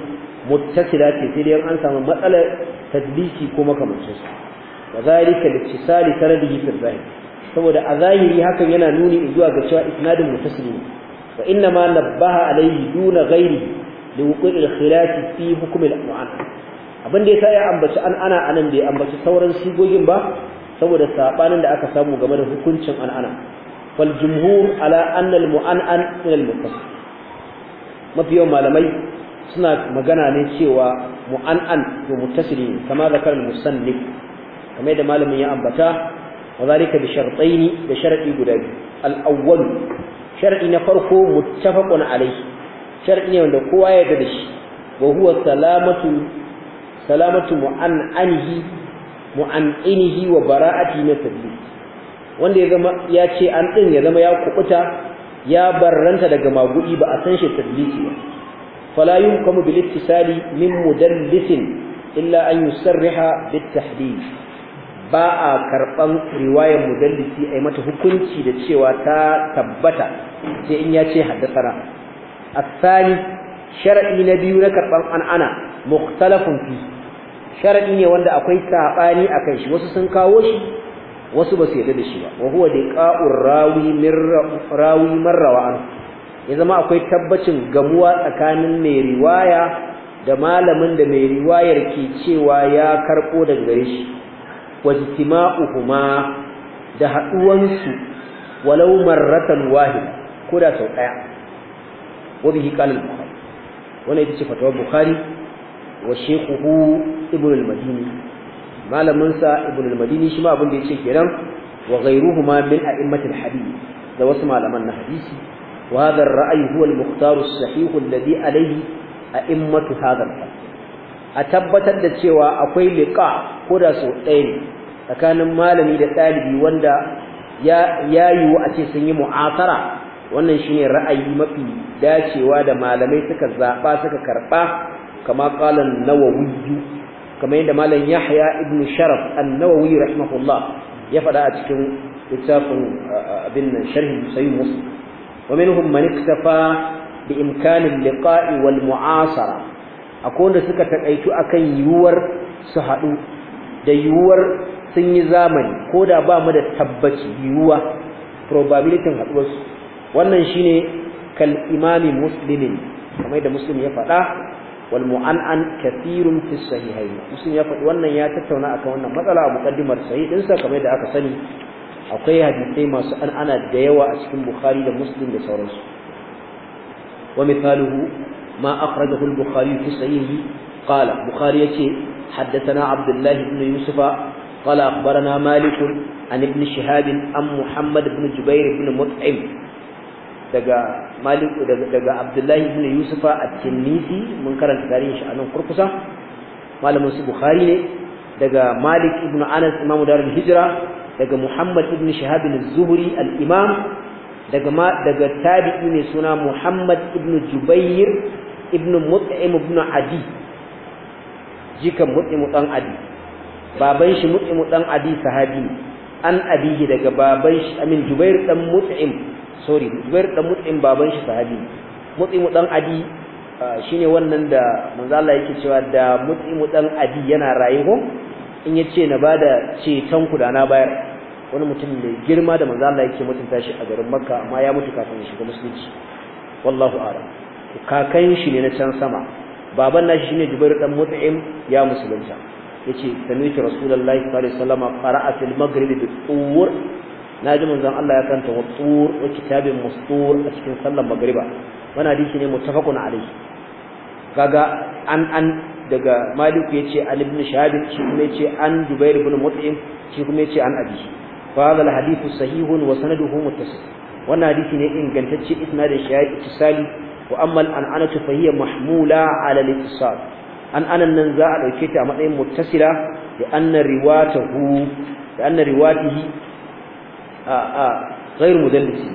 muttasila ce sai dai an samu matsalar tadlisi ko makamancin sa wazalika littisali sanadihi fi zahir saboda a zahiri hakan yana nuni zuwa ga cewa isnadin muttasil ne fa inna ma nabbaha alayhi duna ghairi li da al-khilaf fi hukm al-mu'anna abin da yasa ya ambaci an ana anan bai ambaci sauran sigogin ba saboda sabanin da aka samu game da hukuncin ana wal jumhur ala anna al mu'an'an min al mufassal mafi yawan malamai suna magana ne cewa mu'an'an to muttasili kama zakar al musannif kamar yadda malamin ya ambata wa zalika bi da sharadi guda biyu al awwal sharadi na farko muttafaqun alayhi sharadi ne wanda kowa ya yarda da shi wa huwa salamatu salamatu mu'an'anihi mu'an'inihi wa bara'ati na sabbi wanda ya zama ya ce an din ya zama ya kukuta ya barranta daga magudi ba a san shi tadlisi ba fala yumkamu bil ittisali min mudallisin illa an yusarriha bit tahdid ba a karban riwayar mudallisi ai mata hukunci da cewa ta tabbata sai in ya ce haddathana sharaɗi na biyu na karɓar أنا مختلف fi sharadi ne wanda akwai sabani akan shi wasu sun kawo shi wasu ba su yarda da shi ba wa huwa diqa'ur rawi min rawi ya zama akwai tabbacin gamuwa tsakanin mai riwaya da malamin da mai riwayar ke cewa ya karbo daga gare shi wajtima'uhuma da su walau marratan wahid ko da sau daya wa bihi qala al-bukhari wannan ita ce fatawar bukhari wa shekuhu ibn madini malaminsa ibn al-madini shi ma abin da ya ce kenan wa ghairuhuma min a'immatil hadith da wasu malaman na hadisi wa hadha ar-ra'y huwa alAihi, a immatu sahih a tabbatar da cewa akwai liƙa ko da sau ɗaya tsakanin malami da ɗalibi wanda ya yayi a ce sun yi mu'asara wannan shine ra'ayi mafi dacewa da malamai suka zaɓa suka karɓa. kama qala an-nawawi kamar yadda malam yahya ibn sharaf an-nawawi rahimahullah ya fada a cikin littafin uh, abin nan sharhi sahih muslim wa minhum man iktafa bi imkan al-liqa'i wal mu'asara akwai wanda suka takaitu akan yiwuwar su hadu da yiwuwar sun yi zamani ko da ba mu da tabbaci yiwuwa probability haduwar wannan shine kal imami muslimin kamar da muslim ya faɗa wal mu'an'an kathirun fi sahihayn musulmi ya faɗi wannan ya tattauna akan wannan matsala a muqaddimar sahih din sa kamar da aka sani akwai hadisai masu an'ana da yawa a cikin bukhari da muslim da sauransu wa mithaluhu ma akhrajahu al-bukhari fi sahihi qala bukhari yace حدثنا عبد الله بن يوسف قال أخبرنا مالك عن ابن شهاب عن محمد بن جبير بن مطعم malik daga daga abdullahi ibn yusufa at-tinnisi mun karanta tarihin shi a nan kurkusa malamin su bukhari ne daga malik ibn anas imam darul hijra daga muhammad ibn Shahab az-zuhri al-imam daga daga tabi'i ne suna muhammad ibn jubayr ibn mut'im ibn adi jikan mut'im dan adi baban shi mut'im dan adi sahabi an abihi daga baban shi amin jubair dan mut'im sorry zubair dan mut'im baban shi sahabi mut'imu dan adi ah, shine wannan da manzo Allah yake cewa da mut'imu dan adi yana rayuwa in yace na bada ceton ku da na bayar wani mutum mai girma da manzo Allah yake mutunta shi a garin Makka amma ya mutu kafin ya shiga musulunci wallahu a'lam kakan shi ne na can sama baban nashi shine Zubair dan Mut'im ya musulunta yace ki rasulullahi sallallahu alaihi wasallam qara'a fil maghrib bi na ji manzon Allah ya kanta wattur wa kitabin mustur a cikin sallar magriba wannan hadisi ne muttafaqun alayhi kaga an an daga Malik ce Ali ibn Shahab shi kuma yace an Jubair ibn Mut'im shi kuma yace an Abi fa hadha al-hadith sahihun wa sanaduhu muttasil wannan hadisi ne ingantacce isnadin shi ya ittisali wa amma al-an'anatu fa hiya mahmula ala al-ittisal an anan nan za a dauke ta a matsayin muttasila da anna riwatahu da anna riwatihi a a ghairu mudallisi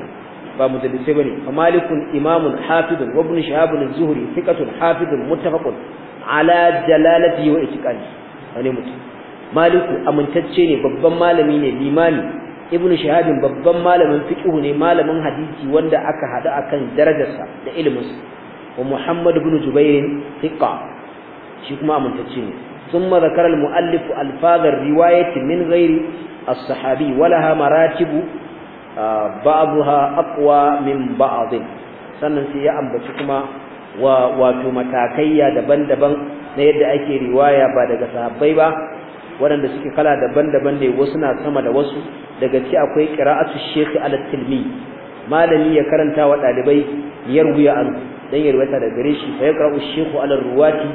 ba mudallisi bane fa malikun imamun hafidun wa ibn zuhri thiqatun hafidun muttafaqun ala jalalati wa itqani wani mutum maliku amintacce ne babban malami ne limami ibn shahab babban malamin fiqh ne malamin hadisi wanda aka hada akan darajarsa da iliminsa wa muhammad ibn jubair thiqa shi kuma amintacce ne ثم ذكر المؤلف الفاظ الروايه من غير as-sahabi walaha maratibu ba'dha aqwa min ba'd sannan sai ya ambaci kuma wato matakaiya daban-daban na yadda ake rewaya ba daga sahabbai ba waɗanda suke kala daban-daban ne wasu na sama da wasu daga ci akwai qira'atu shaykh al-tilmi malami ya karanta wa dalibai yarwiya an dan ya riwata da gare shi fa yaqra'u shaykh al-ruwati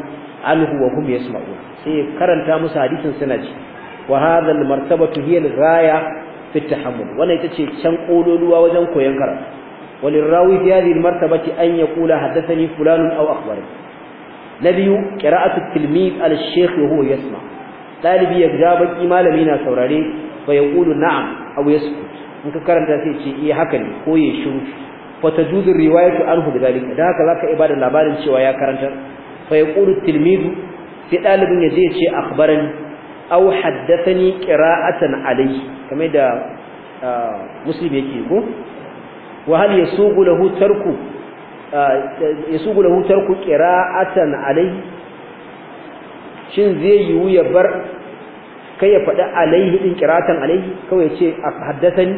anhu wa hum yasma'un sai karanta musu hadisin suna ci wa hadha al-martabatu hiya al-ghaya fi tahammul wannan ita ce can kololuwa wajen koyon karatu rawi fi hadhihi al-martabati an yaqula haddathani fulanun aw akhbarani nabiyu qira'atu at-tilmiz al-shaykh wa huwa yasma dalibi ya ga baki malami na saurare fa yaqulu na'am aw yasku in ka karanta sai ce eh haka ne ko ya shiru fa tajuzu riwayatu anhu bidalika da haka zaka ibada labarin cewa ya karanta fa yaqulu at sai dalibin ya je ce akhbarani aw haddathani qira'atan alayhi kamar da muslim yake ko wa hal yasugu lahu tarku yasugu lahu tarku qira'atan alayhi shin zai yiwu ya bar kai ya faɗi alayhi din qira'atan alayhi kawai ya ce haddathani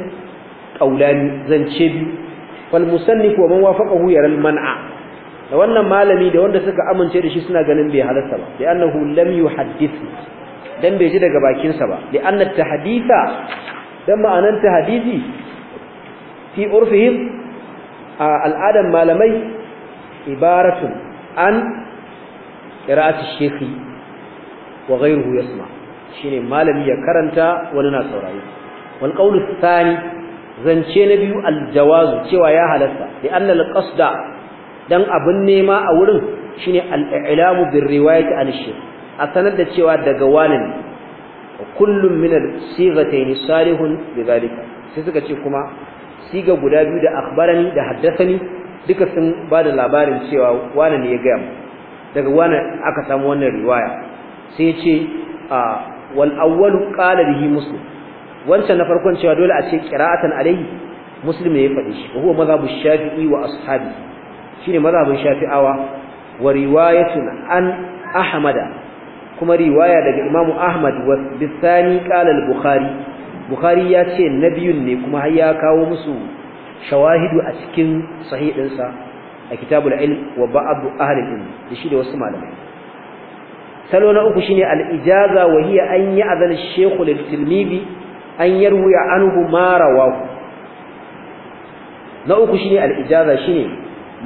zan zance biyu wal musannif wa man wafaqahu yara al man'a da wannan malami da wanda suka amince da shi suna ganin bai halarta ba bi annahu lam yuhaddith dan bai ji daga bakinsa ba li anna tahditha dan ma'anan tahdidi fi urfihim al'adan malamai ibaratun an qira'ati shekhi wa ghayruhu yasma shine malami ya karanta wani na saurayi. wal qawlu thani zance na biyu al jawaz cewa ya halatta li anna al qasda dan abun nema a wurin shine al i'lamu bir riwayati an shekhi a sanar da cewa daga wani kullum yi al-sighatayn salihun Zalika sai suka ce kuma siga guda biyu da akbarani da haddasani duka sun ba da labarin cewa wani ne ya gaya mu daga wani aka samu wannan riwaya sai ce wal awwalu qala bihi muslim wancan na farkon cewa dole a ce qira'atan alayhi muslim ne ya faɗi shi huwa mazhabu shafi'i wa ashabi shine mazhabin shafi'awa wa riwayatun an ahmada kuma riwaya daga Imam Ahmad wa bisani qala al-Bukhari Bukhari ya ce nabiyun ne kuma har ya kawo musu shawahidu a cikin sahih dinsa a kitabul ilm wa ba'd ahli ilm shi da wasu malamai salo na uku shine al-ijaza wa hiya an ya'zana ash-shaykh lil-tilmibi an yarwi anhu ma rawahu na uku shine al-ijaza shine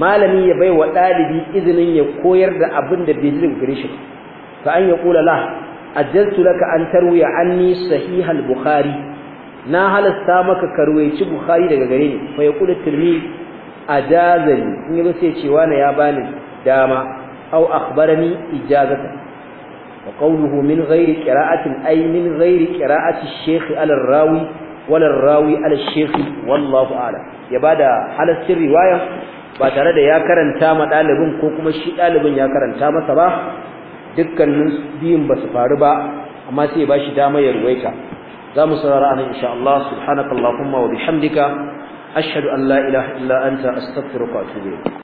malami ya bai wa dalibi izinin ya koyar da abin da bai ji gare shi fa an yaqula lah, ajjaltu laka an tarwiya anni sahih al-bukhari na halasta maka karwaici bukhari daga gare ni fa yaqulu tirmidhi ajazani in ya sai cewa na ya bani dama aw akhbarani ijazata wa qawluhu min ghairi qira'atin ay min ghairi qira'ati ash ala rawi wala rawi ala ash-shaykh wallahu a'lam ya bada halastin riwaya ba tare da ya karanta ma ɗalibin ko kuma shi dalibin ya karanta masa ba dukkanin biyun ba su faru ba amma sai ba shi dama ya ruwaita za mu saurara anan insha Allah subhanakallahumma wa bihamdika ashhadu an la ilaha illa anta astaghfiruka wa atubu